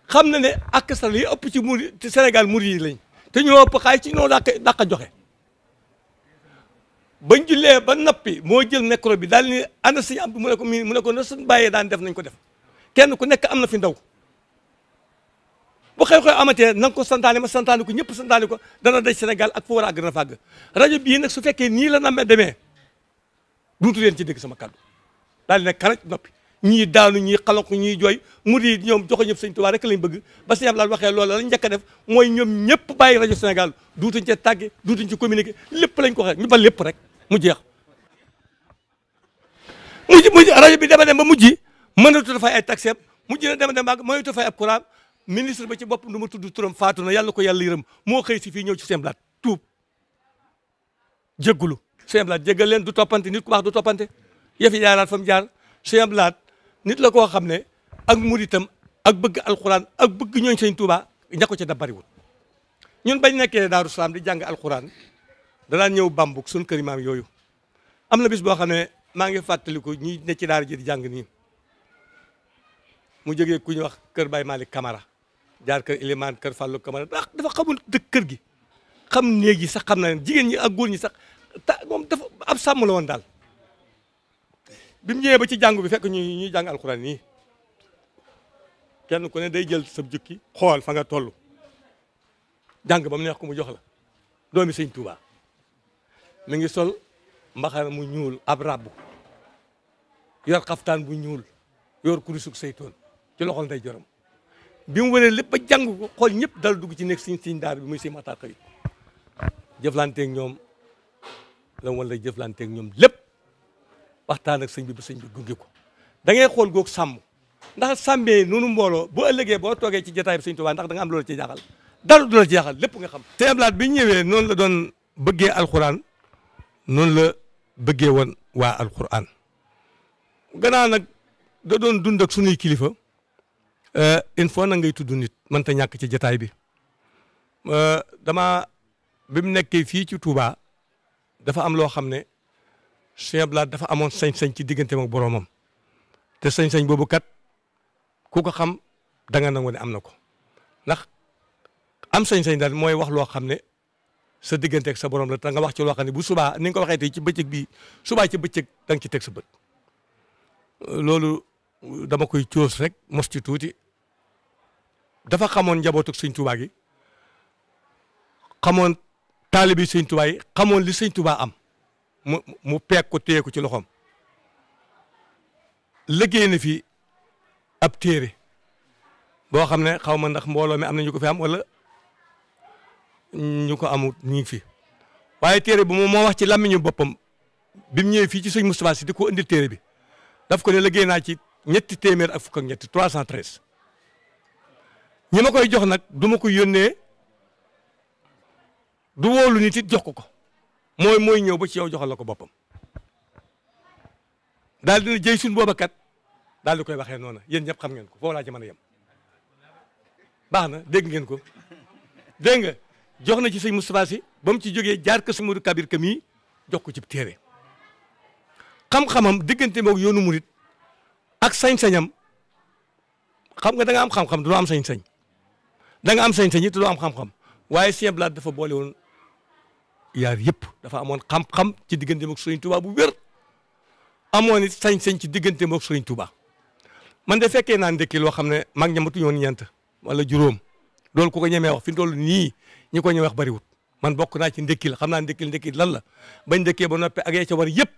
xam na ne ak sal yi ëpp ci mur ci Sénégal mur yi lañ te ñoo ëpp xaay ci ñoo dàq dàq joxe bañ jullee ba noppi moo jël nekro bi daal ni ana am Abdou mu ne ko mu ne ko na suñ bàyyee daan def nañ ko def kenn ku nekk am na fi ndaw bu xew-xew amatee na ko santaane ma santaane ko ñëpp santaane ko dana daj Sénégal ak fu war a àgg na fàgg rajo bii nag su fekkee nii la namee demee duutu leen ci dégg sama kàddu daal di nag karaj noppi ñii daanu ñii xalonk ñii jooy mu di ñoom joxo ñëpp sëñ Tuubaa rek lañ bëgg ba sëñ Abdoulaye waxee loolu lañ njëkk def mooy ñoom ñëpp bàyyi rajo Sénégal duutuñ ci tàgge duutuñ ci communiqué lépp lañ ko waxee ñu ba lépp rek mu jeex mujj rajo bi dama dem ba mujj mënatu dafay ay taxeem mujj na dema dem ba mënatu dafay ab courant ministre ba ci bop du tuddu turam faatu na yàlla ko yalla yërëm mo xey ci fi ñew ci semblat tuub jéggulu semblat jéggal len du topante nit ku baax du topante yafi jaaraat fa mu jaar semblat nit la ko xamne ak muritam ak bëgg alquran ak bëgg ñooñ seigne touba ñako ci da bari wu ñun bañ nekké Daaru salam di jang alquran danaan ñew bambuk sun kër imam yoyu am bis bo xamne ma nga ngi fàttaliku ñi ne ci daara ji di jang ni mu ku wax kër bay malik kamara jaar iliman ilimaan kër fàllu kamara dafa xamul dëkk kër gi xam neegi sax xam na sak, ñi ak goor ñi sax ta moom dafa ab sam la won dal bimu ñewé ba ci jang bi fekk ñu ñu jang alxuraan ni kenn ku ne day jël sa jukki xol fa nga tollu jang ba mu neex ku mu jox la doomi seigne touba mi ngi sol mbaxana mu ñuul ab rab yor xaftaan bu ñuul yor kurusuk saytoon ci loxol day jorom bi mu wëree lépp ba jàng ko xool ñëpp dal dugg ci nek siñ siñ daar bi muy si Matar Xëy jëflanteeg ñoom la wala jëflanteek ñoom lépp waxtaan ak sëñ bi ba sëñ bi gunge ko da ngay xool goog sàmm ndax sàmmee noonu mbooloo bu ëllëgee boo toogee ci jotaay bi sëñ Tuubaa ndax da nga am loolu ci jaaxal dara du la jaaxal lépp nga xam te ablaat bi ñëwee noonu la doon bëggee alxuraan noonu la bëggee woon waa alxuraan gannaaw nag da doon dund ak sunuy kilifa Euh, une fois na ngay tudd nit ta ñàkk ci jataay bi euh, dama bi mu nekkee fii ci Touba dafa am loo xam ne Cheikh Abdoul dafa amoon sañ-sañ ci digganteem ak boroomam te sañ-sañ boobu kat ku ko xam da nga nangu ne am na ko ndax am sañ-sañ daal mooy wax loo xam ne sa digganteeg sa borom la te nga wax ci loo xam ne bu subaa ni nga ko waxee tey ci bëccëg bii subaa ci bëccëg da nga ci teg sa bët euh, loolu dama koy coos rek mos ci tuuti dafa xamoon njabootu sëñ Tuubaa gi xamoon taalibi sëñ Tuubaa yi xamoon li sëñ Tuubaa am mu mu peeg ko téye ko ci loxoom liggéey na fi ab téere boo xam ne xaw ma ndax mbooloo mi am na ñu ko fi am wala ñu ko amut ñu fi waaye téere bi moom moo wax ci làmmiñu boppam bi mu ñëwee fii ci sëñ Moustapha Sy di ko indil téere bi daf ko ne liggéey naa ci ñetti téeméer ak ñetti trois ñetti 313 ñi ma koy jox nag du ma ko yónnee du wóolu nit ti jox ko ko mooy mooy ñëw ba ci yow joxal la ko boppam daal dina jëy suñ booba kat daal di koy waxee noonu yéen ñëpp xam ngeen ko foofu laa ci mën a yem baax na dégg ngeen ko dégg nga jox na ci sëñ Moustapha si ba mu ci jógee jaar ko sëñ Modou Kabir Kam yi jox ko ci téere xam-xamam diggante moog yoonu murit ak sañ-sañam xam nga da nga am xam-xam du am sañ-sañ da nga am sañ-sañ it du am xam-xam waye Sëñ blad dafa bolé won yar yëpp dafa amone xam-xam ci digënté mok Sëriñ touba bu wër amone sañ-sañ ci digënté mok Sëriñ touba man da féké naa ndekki lo xamné ne mag ñamatu ñoon ñent wala juróom loolu ku ko ñëmé wax fi tollu ni nii ñi ko ñemee wax bariwut man bokku na ci ndekki xamna xam naa lan la bañ ndekkee ba noppé ak ya ci war yëpp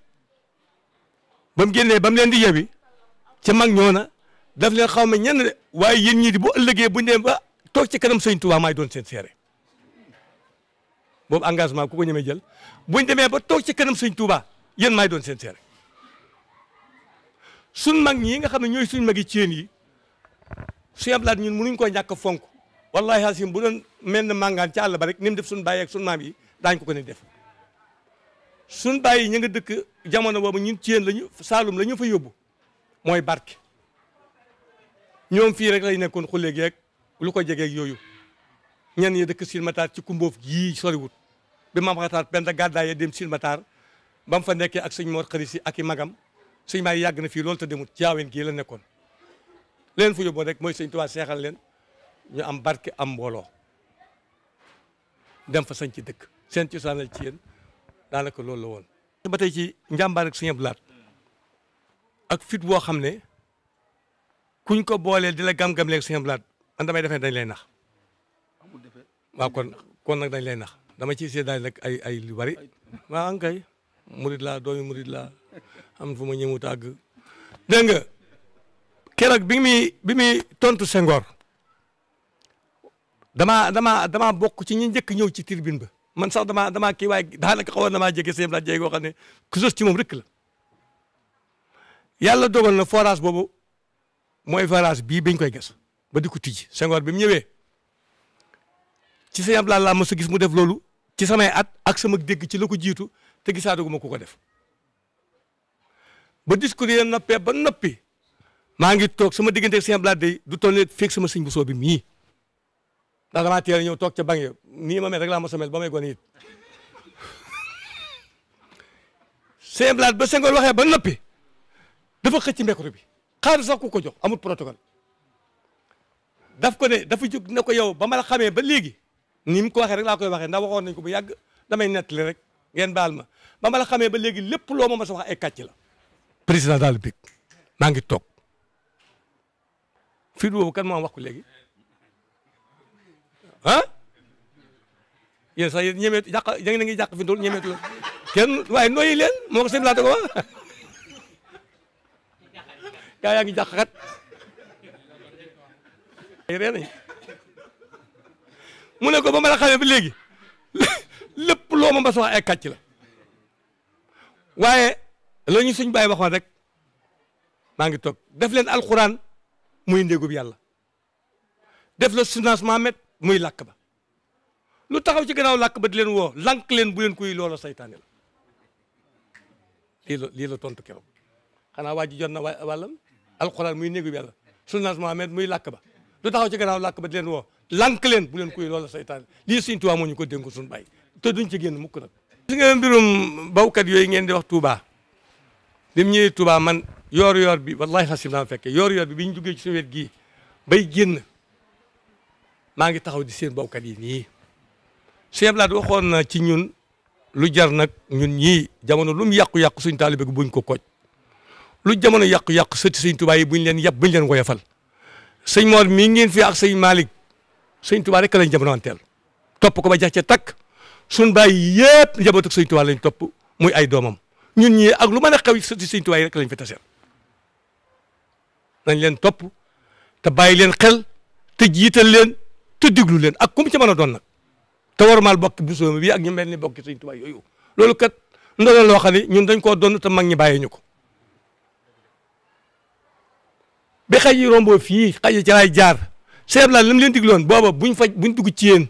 bam génné bam leen di yewi ci mag ñoo na daf leen xaw ma ñenn de waaye yéen ñii di bu ëllëgee bu ñu dem ba toog ci kanam sëñ Tuubaa maay doon seen seere boobu engagement ku ko ñemee jël bu ñu demee ba toog ci kanam sëñ tuuba yéen maay doon seen seere suñ mag ñi nga xam ne ñooy suñ magi ceen yi suñu ablaat ñun mënuñ ko ñàkk fonk wallahi hasim bu doon mel ne màngaan ci àll ba rek ni def suñ bàyyi ak suñ maam yi daañ ko ko ne def suñ bàyyi ñu ngi dëkk jamono boobu ñun ceen lañu saalum la ñu fa yóbbu mooy barke ñoom fii rek lay nekkoon xullee geeg lu ko jegeek yooyu ñenn ñi dëkk silmataar ci kumboof yii soriwut bi maam xataar benn gàddaay dem silmataar ba mu fa nekkee ak sëñ Mor xarit si ak i magam sëñ maay yàgg na fii loolu te demut jaawen gii la nekkoon leen fu yóbboo rek mooy sëñ Tuubaa seexal leen ñu am barke am mbooloo dem fa sañ ci dëkk seen cosaanal ci yéen daanaka loolu la woon ba tey ci njàmbaar ak sëñ Abdu Laat ak fit boo xam ne kuñ ko boolee di la gam-gam léegi seen blaat man damay defee dañ lay nax waaw kon kon nag dañ lay nax dama ci seet daal nag ay ay lu bari waaw ankay murid laa doomi murid laa am fu ma ñëmu tàgg dégg nga keroog bi mi bi muy tontu Senghor damaa damaa damaa bokk ci ñi njëkk ñëw ci tribune ba man sax damaa damaa kii waaye daanaka xawoon na maa jege seen blaat jéegoo xam ne ku sos ci moom rek la yàlla dogal na forage boobu mooy forage bii biñ koy ges ba di ko tijji Senghor bi mu ñëwee ci sëñ Abdoulaye laa ma a gis mu def loolu ci samay at ak sama dégg ci la ko jiitu te gisaatuma ku ko def ba discours yéen noppee ba noppi maa ngi toog sama diggante ak sëñ Abdoulaye day du toll nii fekk sama sëñ bu soo bi mii ndax damaa teel ñëw toog ca banque yi nii ma mel rek laa mos a mel ba may gone it sëñ Abdoulaye ba waxee ba noppi. dafa xëcc mbékatu bi xaaru sax ku ko jox amul protocole daf ko ne dafa jóg ne ko yow ba ma la xamee ba léegi ni mu ko waxee rek laa koy waxee ndax waxoon nañ ko bu yàgg damay nettali rek ngeen baal ma ba ma la xamee ba léegi lépp loo ma ma sa wax ay kàcc la. président de la République maa ngi toog fii boobu moo wax ko léegi ah yéen sax yéen ñemeetu jàq da ngeen a ngi jàq fi mu toll ñemeetu la kenn waaye nooyi leen moo ko laa ko wax. gaa yaa ngi jàq xat ree nañ mu ne ko ba ma la xamee ba léegi lépp loo ma mas ay kàcc la waaye la ñu suñ bàyyi waxoon rek maa ngi toog def leen alxuraan muy ndégub yàlla def la sunnaas Muhammad muy lakk ba lu taxaw ci gannaaw lakk ba di leen woo lànk leen bu leen kuy loola saytaane la lii la lii tontu keroog xanaa waa jot na waa alquran muy néegu yàlla sunnas Muhammad muy lakk ba lu taxaw ci gannaaw làkk ba di woo lànk leen bu leen kuy loola saytaan lii suñ Tuubaa moo ñu ko dénku suñu bàyyi te duñ ci génn mukk nag gis nga mbirum bawkat yooyu ngeen di wax Touba bi mu ñëwee man yoor yoor bi wallahi xasim naa fekke yoor yoor bi bi ñu duggee ci suñu wet gii bay génn maa ngi taxaw di seen bawkat yi nii Cheikh Blade waxoon na ci ñun lu jar nag ñun ñii jamono lu mu yàqu-yàqu suñ taalibe gi buñ ko koj lu jamono yàqu-yàqu sëti sëñ Tuubaa yi buñ leen yab buñ leen woyofal sëñ Mor mii ngeen fi ak sëñ maalik sëñ Tuubaa rek lañ jamono anteel topp ko ba jax ca takk sun baay yëpp njabootu sëñ Tuubaa lañ topp muy ay doomam ñun ñii ak lu mën a xaw sëti sëñ Tuubaa yi lañ fi taseel nañ leen topp te bàyyi leen xel te jiital leen te diglu leen ak ku mu ci mën a doon nag te warumaal bokki bu soobee bi ak ñu mel ni bokki sëñ Tuubaa yooyu loolu kat ndono loo xam ne ñun dañ koo doon te mag ñi bàyyi ñu ko bi xaj yi fii xaj yi ci laay jaar seeb laa lam leen digloon booba buñ faj buñ dugg ci yéen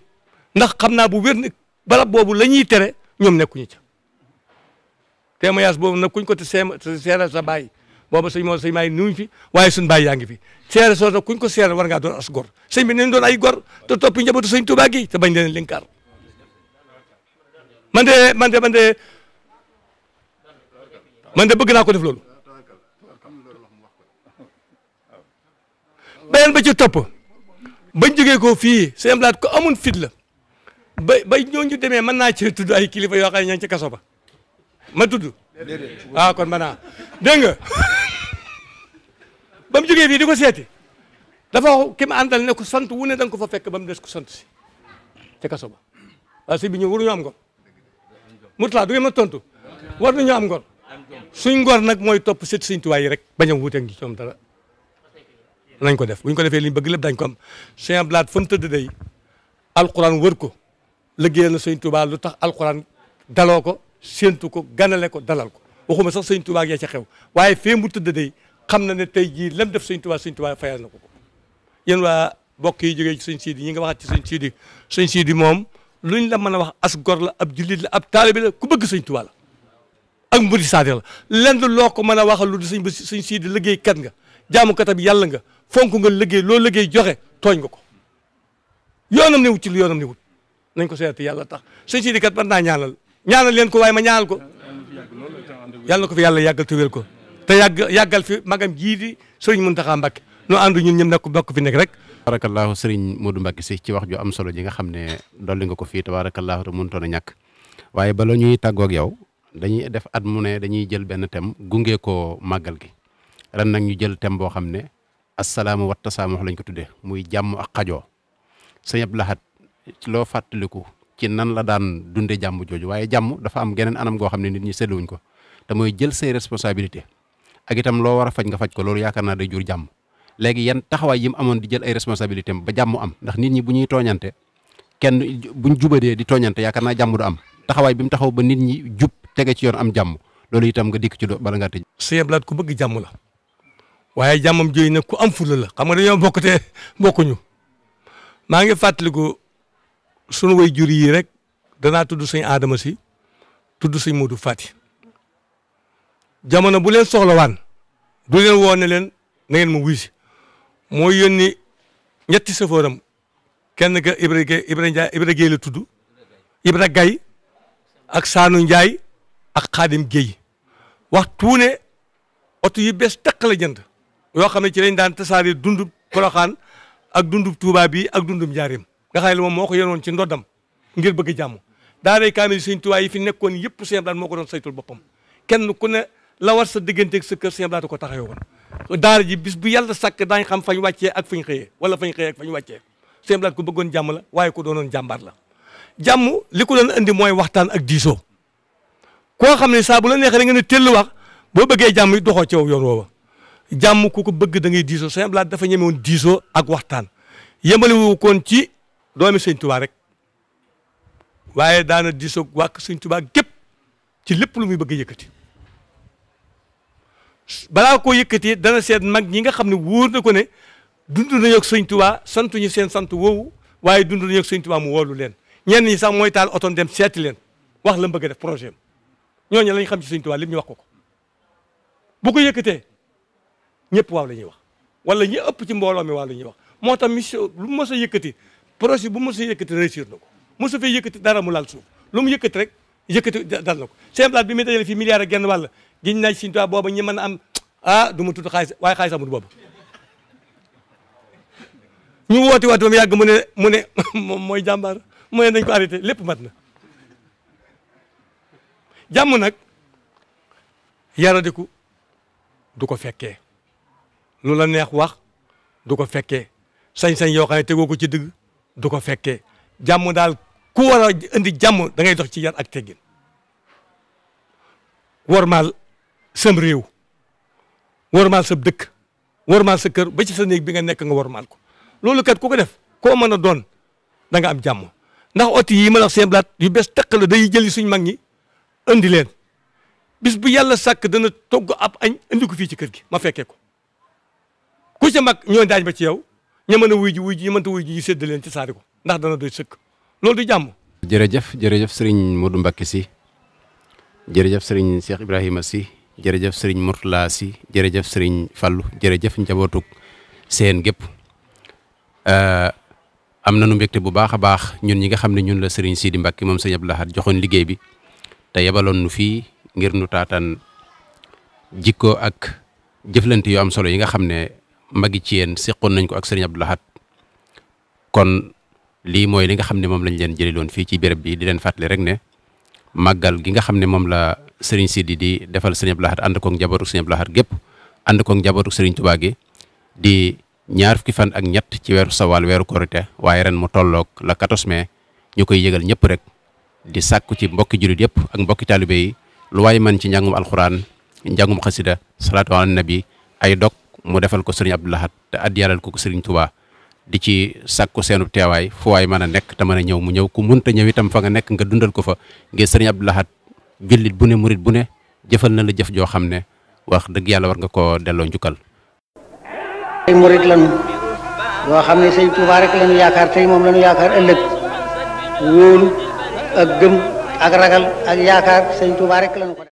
ndax xam naa bu wér ne barab boobu la ñuy tere ñoom nekkuñu ca témoignage boobu nag kuñ ko te seera sa baay booba sëñ moo sëñ maay nuñ fi waaye suñ baay yaa ngi fi seere soo kuñ ko seere war ngaa doon as gor sëñ bi nañ doon ay gor te topp njabootu sëñ Tuubaa gi te bañ leen linkaar man de man de man de man bëgg naa ko def loolu beneen ba ci top bañ jogé ko fi seen blaat ko amun fit la ba ba ñu démé man na ci tudd ay kilifa yo xam ñang ci kasso ba ma tudd ah kon manaa dégg nga ba mu jógee fii di ko dafa wax ki ma andal ne ko sante wu ne dang ko fa fekk ba mu ko sante ci ci kasso ba waaw bi ñu ñu am ko mutla du ngeen ma tontu war nañu am ngor suñ ngor nag yi rek bañam wuté ngi ñi dara nañ ko def bu ñu ko defee li ñu bëgg lépp dañ ko am Cheikh Blaat fan tëdd day alquran wër ko liggéeyal na sëñ Touba lu tax alquran daloo ko séentu ko ganale ko dalal ko waxuma sax sëñ Touba ak yaa ca xew waaye fee mu tëdd day xam na ne tey jii lam def sëñ Touba sëñ Touba fayal na ko ko yéen waa mbokk yi jógee ci sëñ Sidi ñi nga waxaat ci sëñ Sidi sëñ Sidi moom luñ la mën a wax as gor la ab jullit la ab taalibe la ku bëgg sëñ Touba la ak mbudi saadix la lenn loo ko mën a waxal lu sëñ sëñ Sidi liggéey kat nga jaamukatab yàlla nga fonk nga liggéey loo liggéey joxe tooñ nga ko yoonam ne wut ci lu yoonam ne wut nañ ko seet yàlla tax sëñ si di leen ko waaye ma ñaanal ko yàlla ko fi yàlla yàggal te ko te yàgg yàggal fi magam jii di sëriñ Muntaxa Mbàkke noo ànd ñun ñëm nekk bokk fi nekk rek tabaarakallaahu sëriñ Modou Mbacke si ci wax ju am solo ji nga xam ne dolli nga ko fii tabaarakallaahu te mënutoon a ñàkk waaye bala ñuy tàggoog yow dañuy def at mu ne dañuy jël benn tem gunge ko màggal gi ren nag ñu jël thème boo xam ne assalaamu wa tasaamax lañ ko tuddee muy jàmm ak xajoo sa Abdou laxat loo fàttaliku ci nan la daan dunde jàmm jooju waaye jàmm dafa am geneen anam goo xam ne nit ñi seetluwuñ ko te mooy jël say responsabilité ak itam loo war a faj nga faj ko loolu yaakaar naa day jur jàmm léegi yan taxawaay yi mu amoon di jël ay responsabilité ba jàmm am ndax nit ñi bu ñuy tooñante kenn buñ jubadee di tooñante yaakaar naa jàmm am taxawaay bi mu taxaw ba nit ñi jub tege ci yoon am jàmm loolu itam nga dikk ci doo bala ngaa tëj. sëñ ku bëgg jàmm la. waaye jàmmam jooy nag ku am fula la xam nga dañoo bokkatee bokkuñu maa ngi fàttaliku sunu woy jur yi rek danaa tudd sëñ Adama si tudd sëñ Modou Fati jamono bu leen soxlawaan du leen woo ne leen na ngeen ma wuy moo yónni ñetti safooram kenn ka Ibra Ibra Ndiaye Ibra Gueye la tudd Ibra Gaye ak Saanu Ndiaye ak Xaadim Gueye waxtu ne oto yi bees tàq la yoo xam ne ci lañ daan tasaare dundub Poroxaan ak dundub Touba bi ak dundub Njaareem nga xam ne moom moo ko yenoon ci dam ngir bëgg jàmm daaray kaamil sëñ Tuubaa yi fi nekkoon yëpp sëñ Abdou moo ko doon saytul boppam kenn ku ne la war sa digganteeg sa kër sëñ Abdou ko taxawee woon daara ji bis bu yàlla sàkk daañ xam fañ wàccee ak fañ xëyee wala fañ xëyee ak fañ wàccee sëñ Abdou ko bëggoon jàmm waaye ko doonoon jàmbaar la jàmm li ko doon andi mooy waxtaan ak diisoo koo xam ne saa bu la neexee nga ne tëll wax boo bëggee jàmm yi doxoo ci yoon woowa jàmm ku ko bëgg da ngay diisoo sëñ Abdoul dafa ñeme woon diisoo ak waxtaan yemale wu koon ci doomi sëñ Tuubaa rek waaye daana diisoo wàkk sëñ Tuubaa gépp ci lépp lu muy bëgg yëkkati balaa koo yëkkati dana seet mag ñi nga xam ne wóor na ko ne dund nañu ak sëñ Tuubaa santu ñu seen sant woowu waaye dund nañu ak sëñ Tuubaa mu woolu leen ñenn ñi sax mooy taal otoon dem seeti leen wax la bëgg def projet am ñooñu lañ xam ci sëñ Tuubaa lim ñu wax ko ko bu ko yëkkatee ñepp waaw lañuy wax wala ñi ëpp ci mbolo mi waaw lañuy wax moo monsieur lu mos sa yëkëti projet bu mos sa yëkëti réussir nako mu sa fi yëkëti dara mu lal suuf lu mu yëkëti rek yëkëti dal nako cheikh blad bi mi dajale fi milliard genn wal giñ naaj ci tuwi bobu ñi mëna am ah du ma tudd xaalis waaye xaalis amul bobu ñu woti wat ba mu yàgg mu ne mu ne moy jambar jàmbaar mu ne nañ ko arrêté lepp matna jamm nak yaradiku du ko fekke lu la neex wax du ko fekkee sañ-sañ yoo xam ne tegoo ko ci digg du ko fekkee jàmm daal ku war a indi jàmm da ngay dox ci yar ak teggin wormaal sam réew wormaal sa dëkk wormaal sa kër ba ci sa néeg bi nga nekk nga wormaal ko loolu kat ku ko def koo mën a doon danga am jàmm ndax oti yii ma la seen blaat yu bees teq la day jëli suñ mag ñi indi leen bis bu yàlla sakk dana togg ab añ indi ko fii ci kër gi ma fekkee ko ku ca mag ñoo daañ ba ci yow ña wuy ji wuy ji ñu wuy ji ñu sédd leen ci saari ko ndax dana doy sëkk loolu du jàmm. jërëjëf jërëjëf sëriñ Modou Mbacké si jërëjëf sëriñ Cheikh Ibrahima si jërëjëf sëriñ Mourtala si jërëjëf sëriñ Fallou jërëjëf njabootug seen gépp euh, am nañu mbégte bu baax a baax ñun ñi nga xam ne ñun la sëriñ Sidi Mbacké moom sëriñ Abdou Lahad joxoon liggéey bi te yebaloon nu fii ngir nu taataan jikko ak jëflante yu am solo yi nga xam ne magi ci yéen seqoon nañ ko ak sëriñ Abdou Lahad kon lii mooy li nga xam ne moom lañ leen jëliloon fii ci béréb bi di leen fàttali rek ne màggal gi nga xam ne moom la sëriñ Sidi di defal sëriñ Abdou Lahad ànd koog njabootu sëriñ Abdou Lahad gépp ànd koog njabootu sëriñ Tuubaa gi di ñaar fukki fan ak ñett ci weeru sawaal weeru korite waaye ren mu tollook la 14 mai ñu koy yëgal ñëpp rek di sàkku ci mbokki jullit yëpp ak mbokki taalibe yi lu waay man ci njàngum alxuraan njàngum xasida salaatu ala mu defal ko serigne abdullah te ad yaral ko ko serigne Touba di ci sakku seenub teway fu way mana nek nekk te mën a mu ñew ku munta ñew itam fa nga nek nga dundal ko fa ngir serigne abdullah billit jullit bu ne murit bu ne jëfal na la jëf jo xamne wax deug yalla war nga ko delo njukkal. ay murit lañu yo xamne serigne Touba rek lañu yaakar tay mom lañu yaakar ëlëk wóolu ak gëm ak ragal ak yaakar serigne Touba rek lañu